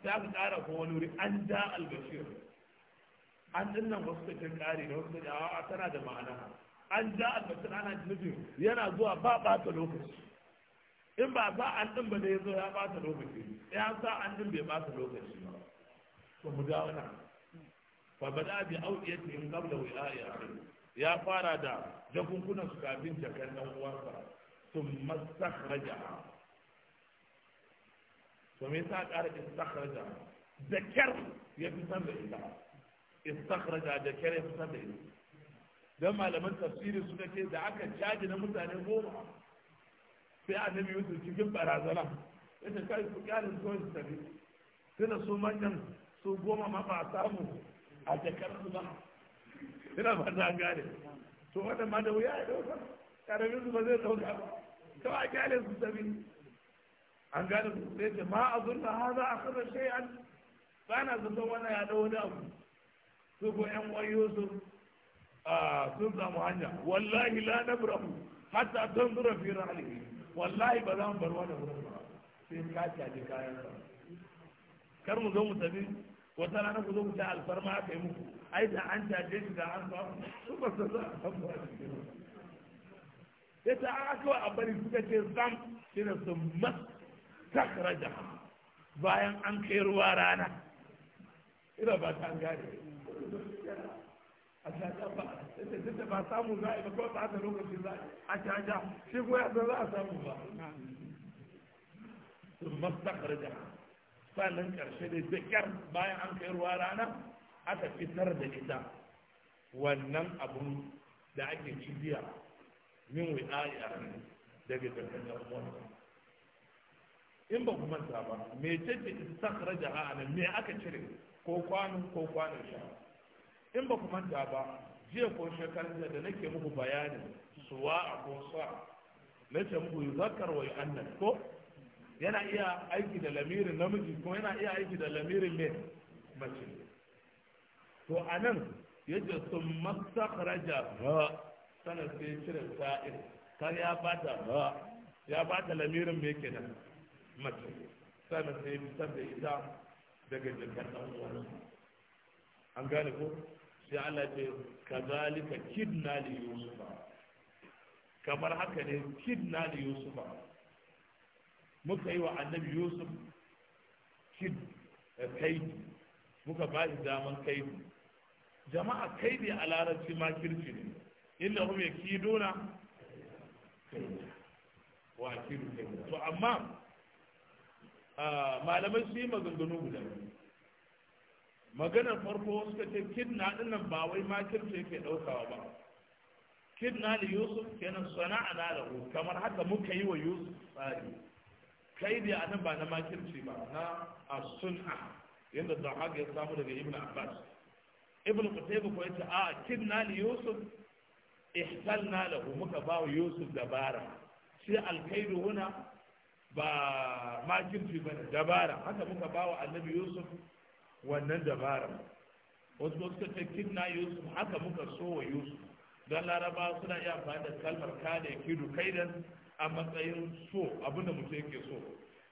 ta aka kara ko wani wuri an ja albashir an dinnan wasu da kare ƙari da wasu da a tana da ma'ana an ja albashir ana nufin yana zuwa ba ɓata lokaci in ba ba an din ba da ya zo ya ɓata lokaci ya sa an din bai ta lokaci ba to mu dawo na fa bada bi auqiyatihim qabla wi'a'i akhir ya fara da jakunkunan su kafin jakar dan uwansa sun masakhraja to me yasa ƙara istakhraja da kyar ya fi san da ita istakhraja da kyar ya fi san da ita dan malaman tafsiri suka ce da aka caji na mutane goma sai annabi yusuf cikin barazana ya ce kai ku kyalin kawai su tafi tuna su manyan su goma ma ba samu a jakar su ba ina ba ta gane to wannan ma da wuya ya dauka karamin su ba zai dauka ba to a kyale su tabi an gane su sai ce ma a zurna ha za a kasa an. ba na zaton wannan ya dau wani abu su ko yan wayo su sun samu hanya wallahi la nabrahu hatta tanzura fi rahlihi wallahi ba za mu bar wani wurin ba sai ka caji kayan sa kar mu zo mu tafi wata rana ku zo mu ta alfarma aka yi muku ai da an caje shi da an samu su ba su za a samu ya ta an aka a bari suka ce sam shi da su mastakaraja bayan an kai ruwa rana ina ba ta gane a caja ba ita ta ba samu za a yi ba kawai ba ta lokaci za a caja shi ko ya san za a samu ba sun mastakaraja sannan karshe da zakar bayan an kai ruwa rana aka fitar da ita wannan abun da ake cibiya min wi'a'i a daga zarkan uwansa in ba kuma ta ba me ce ce da ana me aka cire ko kwano ko kwanon sha in ba kuma ta ba jiya ko shekarun da nake muku bayani suwa a ko sa na ce muku zakar wa annan, ko yana iya aiki da lamirin namiji ko yana iya aiki da lamirin me mace to a nan ce sun raja ha sana sai cire sa'ir kar ya bata ha ya bata lamirin mai kenan mace sana sai fitar da ita daga jikin ɗan an gane ko sai Allah ce zalika kidna li yusufa kamar haka ne kidna li yusufa muka yi wa annabi yusuf kid eh, kai muka ba shi daman kai jama'a kai ne a larabci ma ne inda kuma ya ki dona wa to amma malamai su yi maganganu guda maganar farko suka ce kidna dinnan ba wai ma kirki yake daukawa ba kidna da yusuf kenan sana'a na lahu kamar haka muka yi wa yusuf tsari kai ne a nan ba na makirci ba na Asuna suna da haka ya samu daga Ibn abbas ibn qutayba ko yace a kidna li yusuf ihsalna lahu muka ba yusuf dabara shi alkaidu huna ba makirci ba dabara haka muka ba wa annabi yusuf wannan dabara wasu suka ce kidna yusuf haka muka so wa yusuf don laraba suna iya amfani da kalmar kada kidu kaidan a matsayin so abinda mutum yake so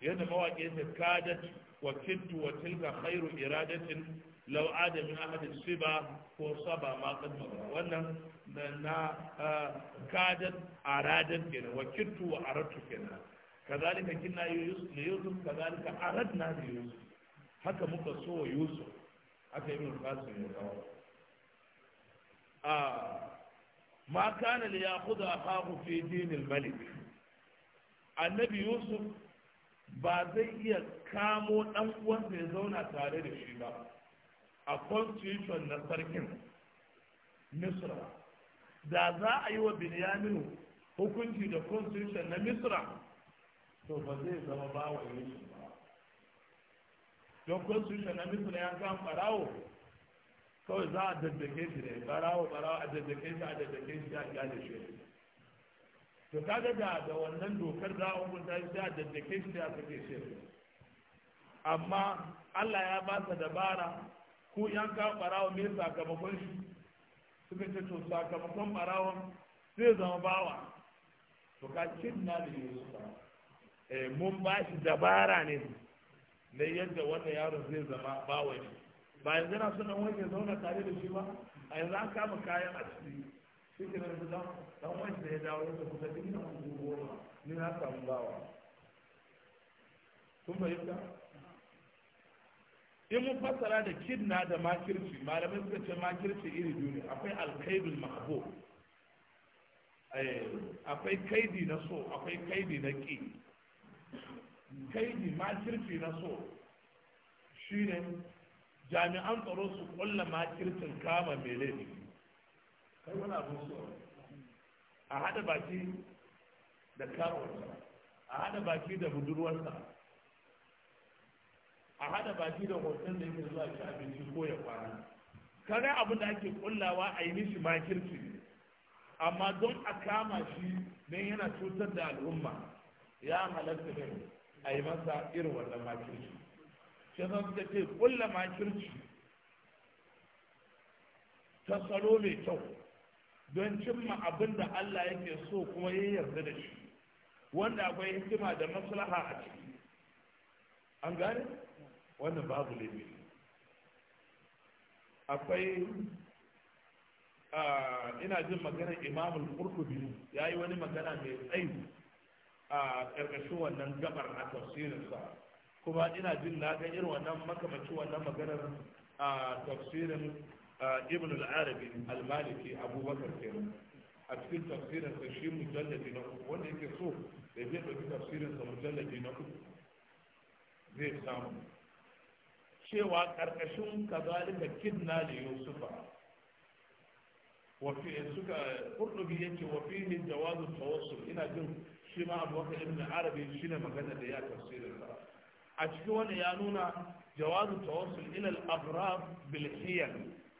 yadda mawaƙi ya ce kadat wa kintu wa tilka khairu iradatin lau adamin ahadin ba, ko saba ma kadma wannan na na kadan, aradan kenan wa kittu wa aratu kenan kazalika kinna yusuf li yusuf kazalika aradna li yusuf haka muka so wa yusuf haka yi mun kasu ne kawo a ma kana li yakhudha akhahu fi dinil malik annabi yusuf ba zai iya kamo dan uwansa ya zauna tare da shi ba a constitution na sarkin misra da za a yi wa binyaminu hukunci da constitution na misra to ba zai zama bawa yusuf ba don constitution na misra ya kan barawo kawai za a daddake shi ne barawo barawo a daddake shi a daddake shi a gane shi to kaga da da wannan dokar za a hukunta shi a daddake shi a suke shi amma Allah ya ba sa dabara ko yan ka barawa me sakamakon shi suka ce to sakamakon barawa zai zama bawa to ka cin na da yi eh mun ba shi dabara ne na yadda wannan yaron zai zama bawa ne ba yanzu na suna wani ya zauna tare da shi ba a yanzu an kama kayan a ciki shi ke nan da dan wani da ya dawo yadda kuka duk na kuma goma ni na samu bawa kun fahimta in mun fassara da kidna da makirci malamai suka ce makirci iri duni, akwai alkaidul mahbo eh, akwai kaidi na so akwai kaidi na ki kaidi makirci na so shine jami'an tsaro su kulla makircin kama mai laifi kai wani abin so a hada baki da karuwarsa a hada baki da budurwarsa a hada baki da hoton da yake zuwa ci abinci ko ya kwana kaga abin da ake kullawa a yi mishi makirci amma don a kama shi don yana cutar da al'umma ya halarta ne a yi masa irin wannan makirci shi zan suka ce kulla makirci ta salo mai kyau don cimma abin da Allah yake so kuma ya yarda da shi wanda akwai hikima da maslaha a ciki an gane wannan babu laifi akwai ah, ina jin maganar imamul qurtubi ya yi wani magana mai tsayi a ƙarƙashin wannan gabar a tafsirinsa kuma ina jin na ga irin wannan makamaci wannan maganar a tafsirin ah, ibn al-arabi al-maliki abubakar kenan a cikin tafsirin sa shi mujallabi na uku wanda yake so da zai ɗauki tafsirin sa mujallabi na uku zai samu cewa karkashin kazalika kidna da yusufa wafi suka kurdubi yake wafi ne jawazu tawassul ina jin shi ma abu waka ibn arabi shine magana da ya tafsirin sa a cikin wani ya nuna jawazu tawassul ila al-abrab bil hiyal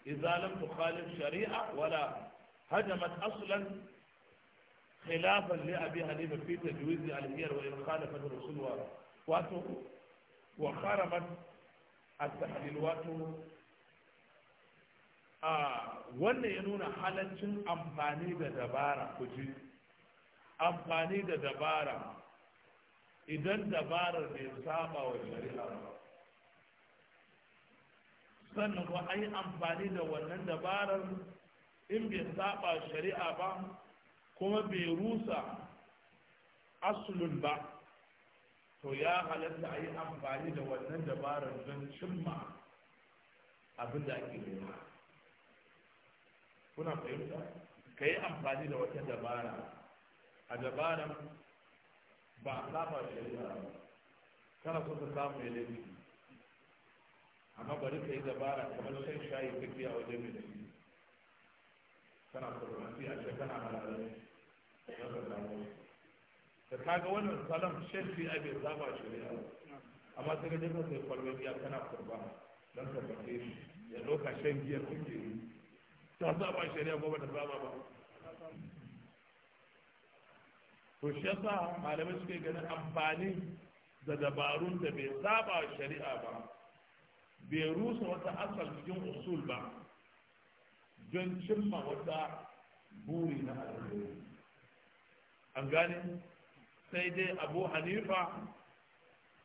idza lam tukhalif shari'a wala هجمت اصلا خلافا لابي حنيفه في تجويز الهير وان خالفت الرسول وخرمت as-sahlil a wannan ya nuna halaccin amfani da dabara ku amfani da dabara idan dabara ne saba wa shari'a sannan ko a yi amfani da wannan dabarar in bai saba shari'a ba kuma bai rusa asulun ba to ya halatta a yi amfani da wannan dabarar don cimma abin da ake nema kuna fahimta ka yi amfani da wata dabara a dabaran ba a saba shari'a ba kana so ka samu ya laifi amma bari ka yi dabara kamar shan shayi kake a wajen mai laifi kana so ka a ce na halalar don ka samu da kaga wannan salam shafi a bai saba shari'a amma sai ka jirgin sai kwalba ya tana kurba don ka bace shi ya loka shan giya kuke yi ta ba shari'a ko ba ta za ba to shi yasa malamai suke ganin amfani da dabarun da bai saba shari'a ba bai rusa wata asal cikin usul ba don cimma wata buri na alheri an gane sai dai abu hanifa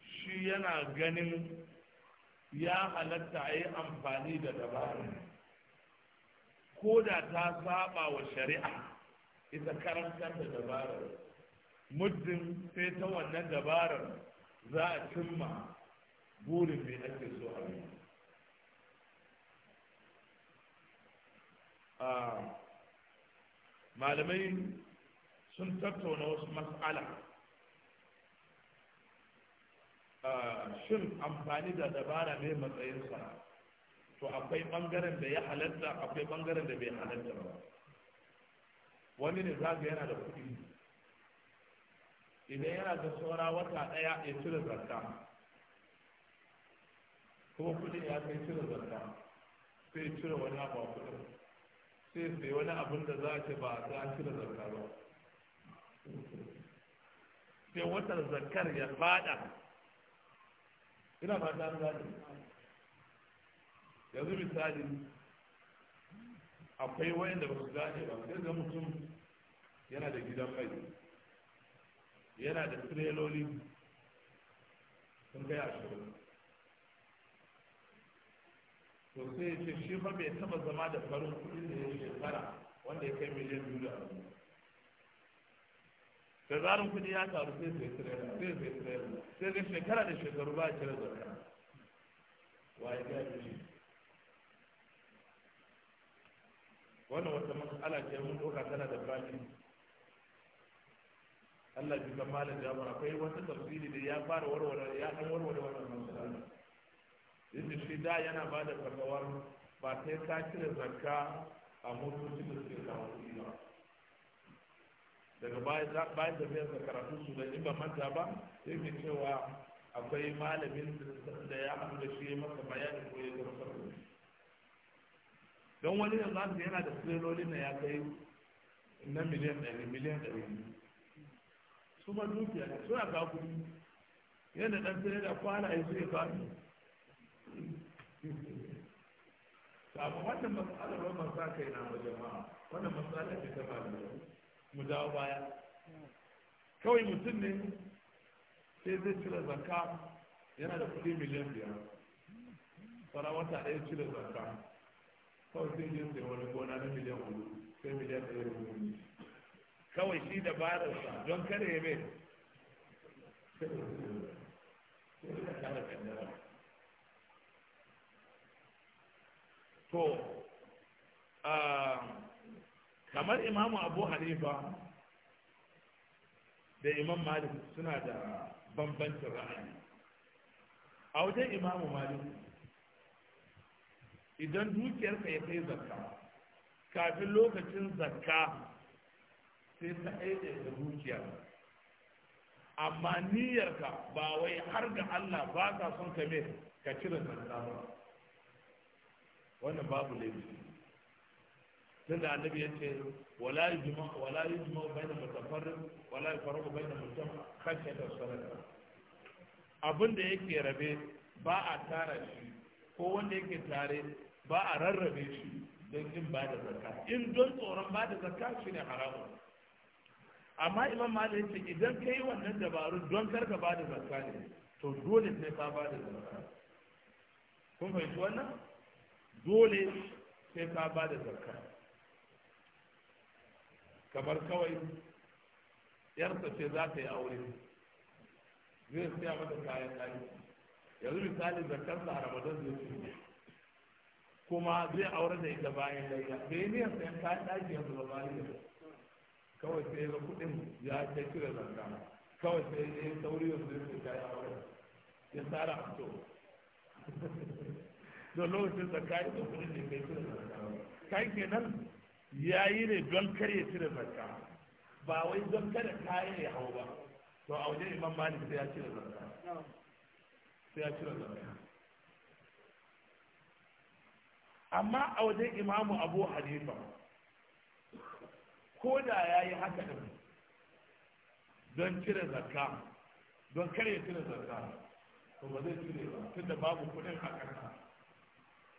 shi yana ganin ya halatta a yi amfani da dabarun. ko da ta saba wa shari'a ita karantar da dabarar muddin sai ta wannan dabarar za a cimma burin mai ake so a yi malamai sun tattauna wasu mas'ala shin amfani da dabara ne matsayinsa to akwai bangaren da ya halatta akwai bangaren da bai halatta ba wani ne zaga yana da kuɗi idan yana da saura wata ɗaya ya cire zarta kuma kuɗin ya kai cire zarta sai cire wani abu a kuɗin sai sai wani abin da za a ce ba za a cire zarta ba sai wata zarkar ya fada ina ba ta gane yanzu misali akwai wayan da ba su gane ba sai ga mutum yana da gidan mai yana da tireloli sun kai ashirin to sai ya ce shi fa bai taba zama da farin kuɗi da ya shekara wanda ya kai miliyan biyu da abu da zarin kuɗi ya karu sai sai tirela sai sai tirela sai ga shekara da shekaru ba a cire zarka waye gadi shi wannan wata matsala ce mun ɗauka tana da baki Allah bi ga malam jami'a akwai wata tafsiri da ya fara warware ya dan warware wannan matsala yadda shi da yana ba da fatawar ba sai ka cire zakka a motocin da suke kawo ba daga bayan tafiyar da karatun su da in ba manta ba yake cewa akwai malamin da ya haɗu da shi masa bayani ko ya gamsar da don wani da za yana da sirrolin na ya kai na miliyan ɗari miliyan ɗari su ma dukiya ne suna kawo kuɗi yadda ɗan sai da kwana ya su ya kawo amma wannan matsalar ba masa kai na ba wannan matsalar ce ta malamai mu dawo baya kawai mutum ne sai zai cire zakka yana da kudi miliyan biyar tsara wata ɗaya cire zakka kawai sai je zai wani gona na miliyan hudu sai miliyan ɗaya rubutu kawai shi da bararsa don kare ya mai to a ah, kamar imamu abu hanifa da imam malik suna da bambancin ra'ayi a wajen imamu malik idan dukiyarka ya kai zakka kafin lokacin zakka sai ta aida da dukiyar, amma niyyarka ba wai har ga Allah ba ka son ka mai ka cire zakka ba wannan babu laifi tunda annabi ya ce wala yujma wala yujma bainal mutafarrid wala yufarriqu bainal mujtama khashyata salata abin da yake rabe ba a tara shi ko wanda yake tare ba a rarrabe shi don in ba da zakka in don tsoron ba da zakka ne haramun amma imam malik yace idan kai wannan dabaru don karka ba da zakka ne to dole sai ka ba da zakka kun fahimci wannan dole sai ka ba da zakka kamar kawai yarsa ce za ta yi aure zai siya mata kayan kayan yanzu misali zakarsa a ramadan zai ci kuma zai aure da ita bayan layya bai ne sayan kayan daji yanzu ba bayan da kawai sai ga kuɗin ya ta cire zakka kawai sai ya yi sauri yanzu zai ta kayan aure ya tsara a to da lokacin zakka ya ta kuɗin da ya cire zakka kai kenan ya yi ne don kar ya cire zakka ba wai don kada yi ne hau ba to a wajen imam malik sai ya cire zakka sai ya cire zakka amma a wajen imamu abu hanifa ko da ya yi haka da don cire zakka don kare cire zakka to ba zai cire ba tunda babu kudin a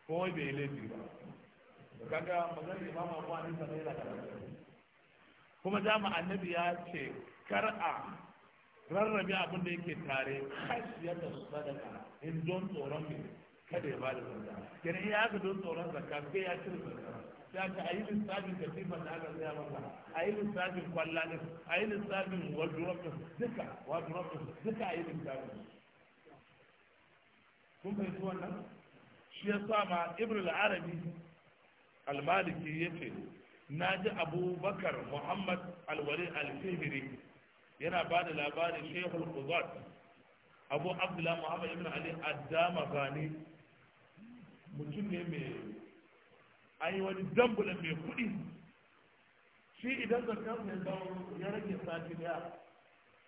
ko wai bai laifi ba kaga magana imam abu an ne yana karatu kuma dama annabi ya ce kar a rarrabe abin da yake tare kashiyar da sadaka in don tsoron mai kada ya bada zakka kene ya ga don tsoron zakka sai ya cire zakka sai ka ayi lissafin katifan da aka tsaya maka ayi lissafin kwallalin din ayi lissafin wardrobe duka wardrobe duka ayi lissafin kun fahimci wannan shi ya sa ma ibn al-arabi almaliki ya ce na ji abubakar muhammad al alfihiri yana ba da labarin shehul kuzat abu abdullah muhammad ibn ali adama gani mutum ne mai Ayi wani dambulan mai kuɗi shi idan zakar mai zama ya rage sati daya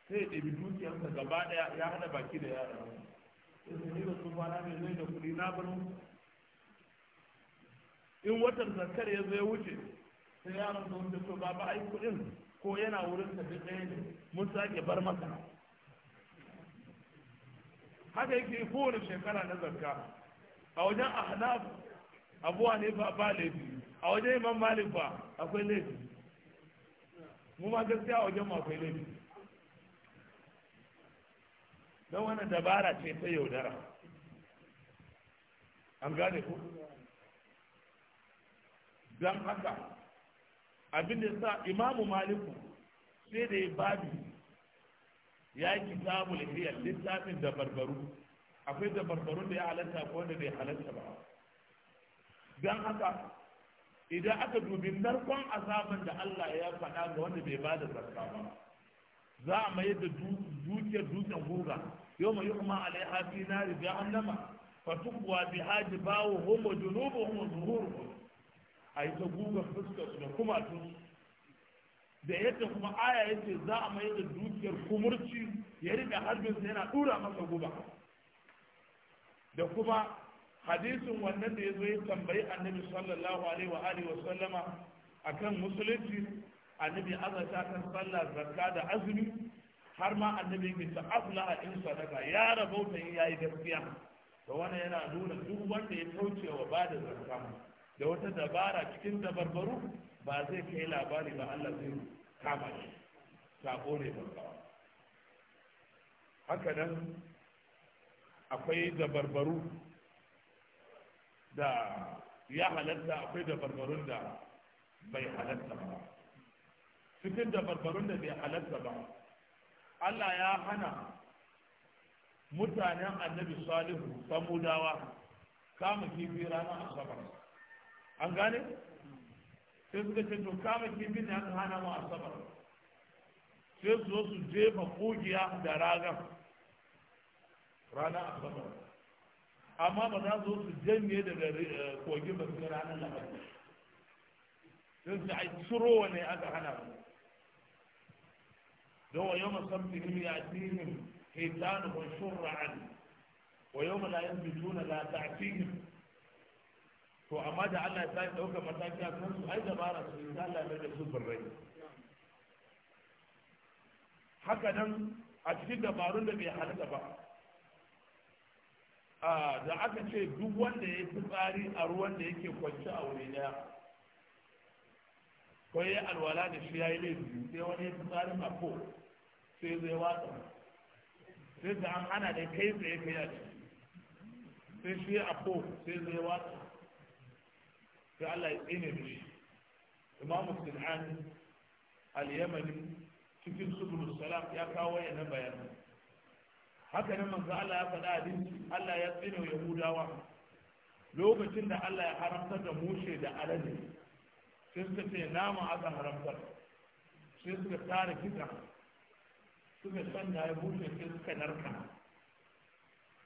sai ya ɗabi dukiyarsa gaba daya ya hada baki da yara sai da su kwana mai zai da kuɗi na bar in watan zakar ya zai wuce sai yaron da wanda to ba ai kuɗin ko yana wurin ta duk ɗaya ne mun sake bar maka haka yake kowane shekara na zakka a wajen ahnaf abuwa ne ba ba laifi a wajen imam malik ba akwai laifi mu ma gaskiya a wajen ma akwai laifi don wani dabara ce ta yaudara an gane ku don haka abin da sa imamu maliku sai da ya babi ya yi kitabul hiyar littafin da barbaru akwai da barbarun da ya halatta ko wanda bai halatta ba don haka idan aka dubi narkon azaban da Allah ya faɗa ga wanda bai ba da zarka ba za a mayar da dukiyar dukiyar guga yau mai yukma alaiha fi nari jahannama fatukwa bi haji bawo homo junubu homo zuhuru a yi ta guga fuskarsu da kuma tun, da yadda kuma aya ya ce za a mai da dukiyar kumurci ya riƙa harbinsa yana ɗura masa guba da kuma hadisin wannan da ya zo ya tambayi annabi sallallahu alaihi wa alihi wa sallama akan musulunci annabi azata kan sallah zakka da azumi har ma annabi ke ta a in sadaka ya rabauta yayi gaskiya to wannan yana nuna duk wanda ya kauce wa bada zakka da wata dabara cikin dabarbaru ba zai kai labari ba Allah zai kama shi ta ne babba haka nan akwai dabarbaru da ya halatta akwai dabarbarun da bai halatta ba cikin dabarbarun da bai halatta ba Allah ya hana mutanen annabi salihu samudawa kama kifi ranar asabar an gane sai suka ce to kama kifin ne aka hana mu asabar sai su zo su jefa kogiya da ragan rana asabar amma ba za su zo su janye daga kogin ba su ranar lahar sai su ai tsirowa ne aka hana mu don wa yau musamman ya tihim hitanuhun shurra'an wa yau mu la yanzu tuna la ta'tihim to amma da Allah ya sa ɗaukar mataki a kansu ai dabara su yi Allah ya da su birrai haka nan a cikin dabarun da bai halatta ba da aka ce duk wanda ya fi tsari a ruwan da yake kwance a wuri daya ko ya alwala da shi ya yi laifi sai wani ya fi a ko sai zai watsa sai da an hana da kai tsaye kai a ciki sai shi a ko sai zai watsa sai Allah ya tsine mishi imamu sin'an al-yamani cikin subulus salam ya kawo yana bayanan haka nan manzo Allah ya faɗa hadisi Allah ya tsine yahudawa lokacin da Allah ya haramta da mushe da alade sai suka ce nama aka haramtar sai suka tara kisa suka sanya ya bushe sai suka narka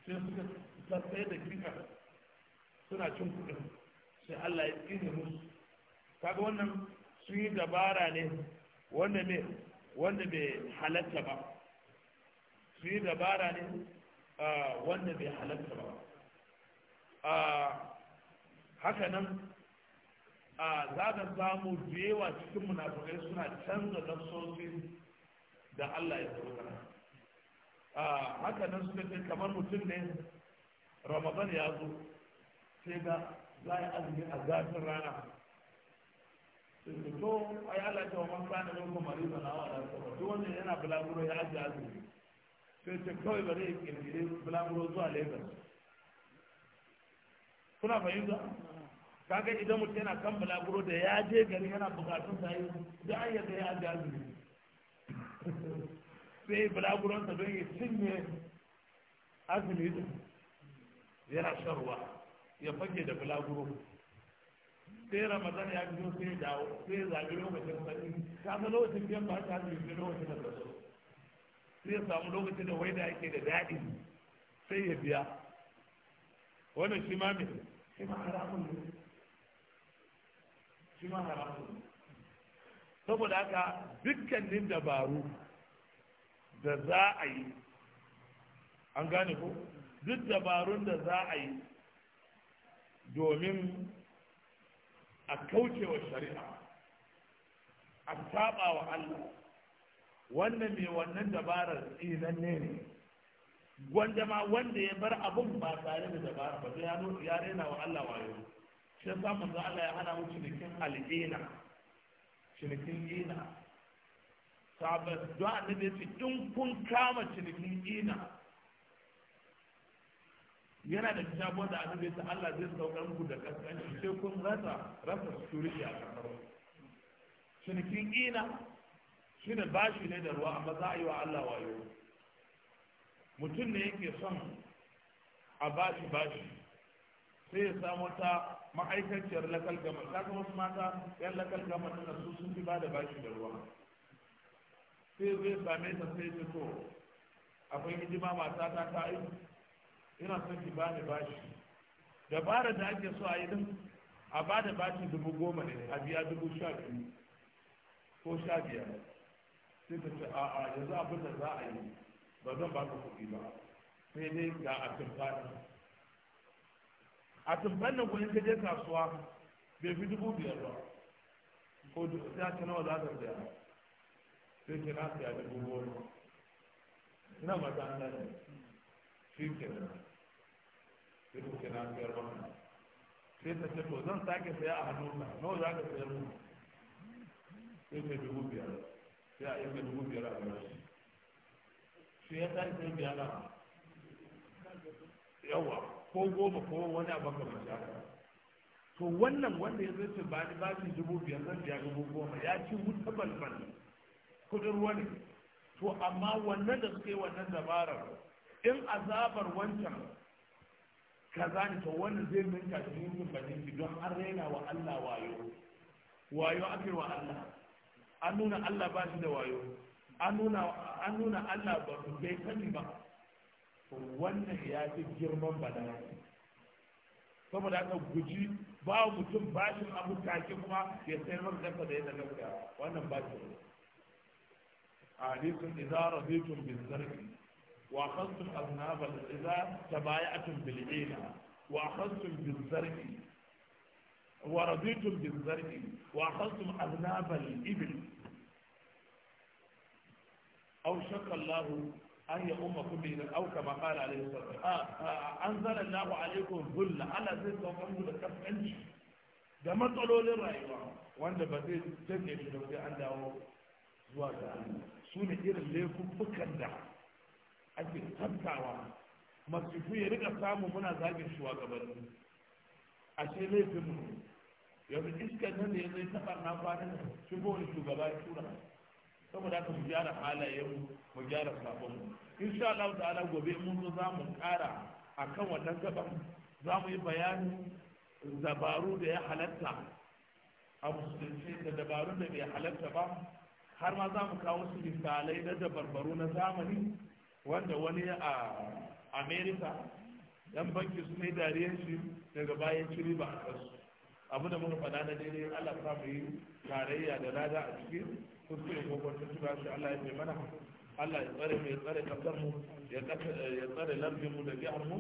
sai suka sassai da kika suna cin kuɗin sai Allah ya tsine musu kaga wannan su yi dabara ne wanda mai wanda bai halatta ba su yi dabara ne wanda bai halatta ba haka nan za ka samu da yawa cikin munafukai suna canza nafsosin da Allah ya tsokana haka nan suka ce kamar mutum ne ramadan ya zo sai ga za a yi azumi a zafin rana to ai Allah ta wa kana da kuma mariba na wa da kuma duk wanda yana bulaguro ya ajiye azumi sai ce kawai ba zai kirkire bulaguro zuwa Lagos kuna fahimta kaga idan mutum yana kan bulaguro da ya je gari yana bukatun sa yi da an yadda ya ajiye azumi sai bulaguronsa don ya cinye azumi yana shan ruwa ya fage da bulaguro sai ramadan ya biyo sai dawo sai zaɓi lokacin sani ka san lokacin biyan ba ta zai biyo lokacin da ta sai ya samu lokacin da waida yake da daɗi sai ya biya wannan shi ma mai shi ma haramun ne shi ma haramun ne saboda haka dukkanin dabaru da za a yi an gane ko duk dabarun da za a yi domin a kaucewa shari'a a saba wa Allah wannan mai wannan dabarar tsinan ne ne. wanda ma wanda ya bar abun ba tare da dabara ba sai ya rena wa Allah wayo shi samu manzo Allah ya hana mu cinikin al'ina cinikin ina sabar don annabi ya ce in kun kama cinikin ina yana da kitabun da abin da ta Allah zai saukar muku da kaskanci sai kun rasa rasa security a kasar kin ina shi ne bashi ne da ruwa amma za a yi wa Allah wayo mutum ne yake son a bashi bashi sai ya samu ta ma'aikaciyar lakal gama ta kuma su mata yan lakal gama tana su sun fi ba da bashi da ruwa sai zai same ta sai ta to akwai hijima mata ta ta ina son ki bani bashi dabarar da ake so a yi din a ba da bashi dubu goma ne a biya dubu sha biyu ko sha biyar sai ta ce a a yanzu abin da za a yi ba zan ba ka kuɗi ba sai dai ga a tumfani a tumfan nan kuɗin ka je kasuwa bai fi dubu biyar ba ko ta ce nawa za ta saya sai ta na saya dubu goma ina mata an gane shi ke kenan sai ku kira siyar maka sai ta ce to zan sake saya a hannunka nawa za ka sayar mu sai ta dubu biyar sai a yanka dubu biyar a gaba shi ya sake sai biyar a yawa ko goma ko wani abu kamar haka to wannan wanda ya zai ce ba ni bashi dubu biyar zan biya dubu goma ya ci wuta balbal kudin ruwa ne to amma wannan da suke wannan dabarar in azabar wancan kaza ne to wannan zai manta shi ba bakin shi don an raina wa Allah wayo wayo ake wa Allah an nuna Allah ba shi da wayo an nuna Allah ba su bai sani ba wannan ya fi girman bala'i saboda haka guji ba mutum bashin abu take kuma ya sayar maka dafa da yadda gaskiya wannan ba shi a hadisin idza raditum bil zargi. واخذتم اذناب اذا تبايعتم بالعيله واخذتم بالزرع ورضيتم بالزرع واخذتم اذناب الابل او شق الله أن يقومكم به أو كما قال عليه الصلاة والسلام أنزل الله عليكم ذل على زي saukan da kaskanci da matsalolin rayuwa wanda ba zai janye shi da an dawo zuwa ga su ne irin laifuffukan da ake tantawa masifu ya rika samu muna zagin a ashe laifin mu yanzu iskar nan da ya zai taɓa na kwanan shi ko shugaba ya tura saboda mu gyara halayenmu mu gyara sabon mu. insha Allah ta'ala gobe mun zo za mu ƙara akan wannan gaban za mu yi bayanin dabaru da ya halatta a musulunci da dabarun da bai halatta ba har ma za mu kawo su misalai na dabarbaru na zamani wanda wani a Amerika yan banki su mai dariyar shi daga bayan ciri ba a kasu. abu da muka faɗa na daidai allah ta mu yi tarayya da lada a ciki kuskure ko kwanci ba shi allah ya ce mana allah ya tsare mai ya tsare kasar mu ya tsare lambin mu da jihar mu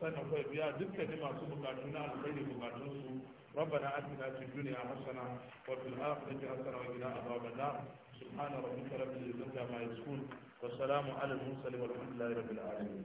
sannan kawai biya dukkanin masu bukatu na alkhairi bukatun su ربنا اتنا في الدنيا حسنه وفي الاخره حسنه وقنا عذاب النار subhana rabbika rabbil izzati amma yasifun wa salamun ala al mursalin walhamdulillahi rabbil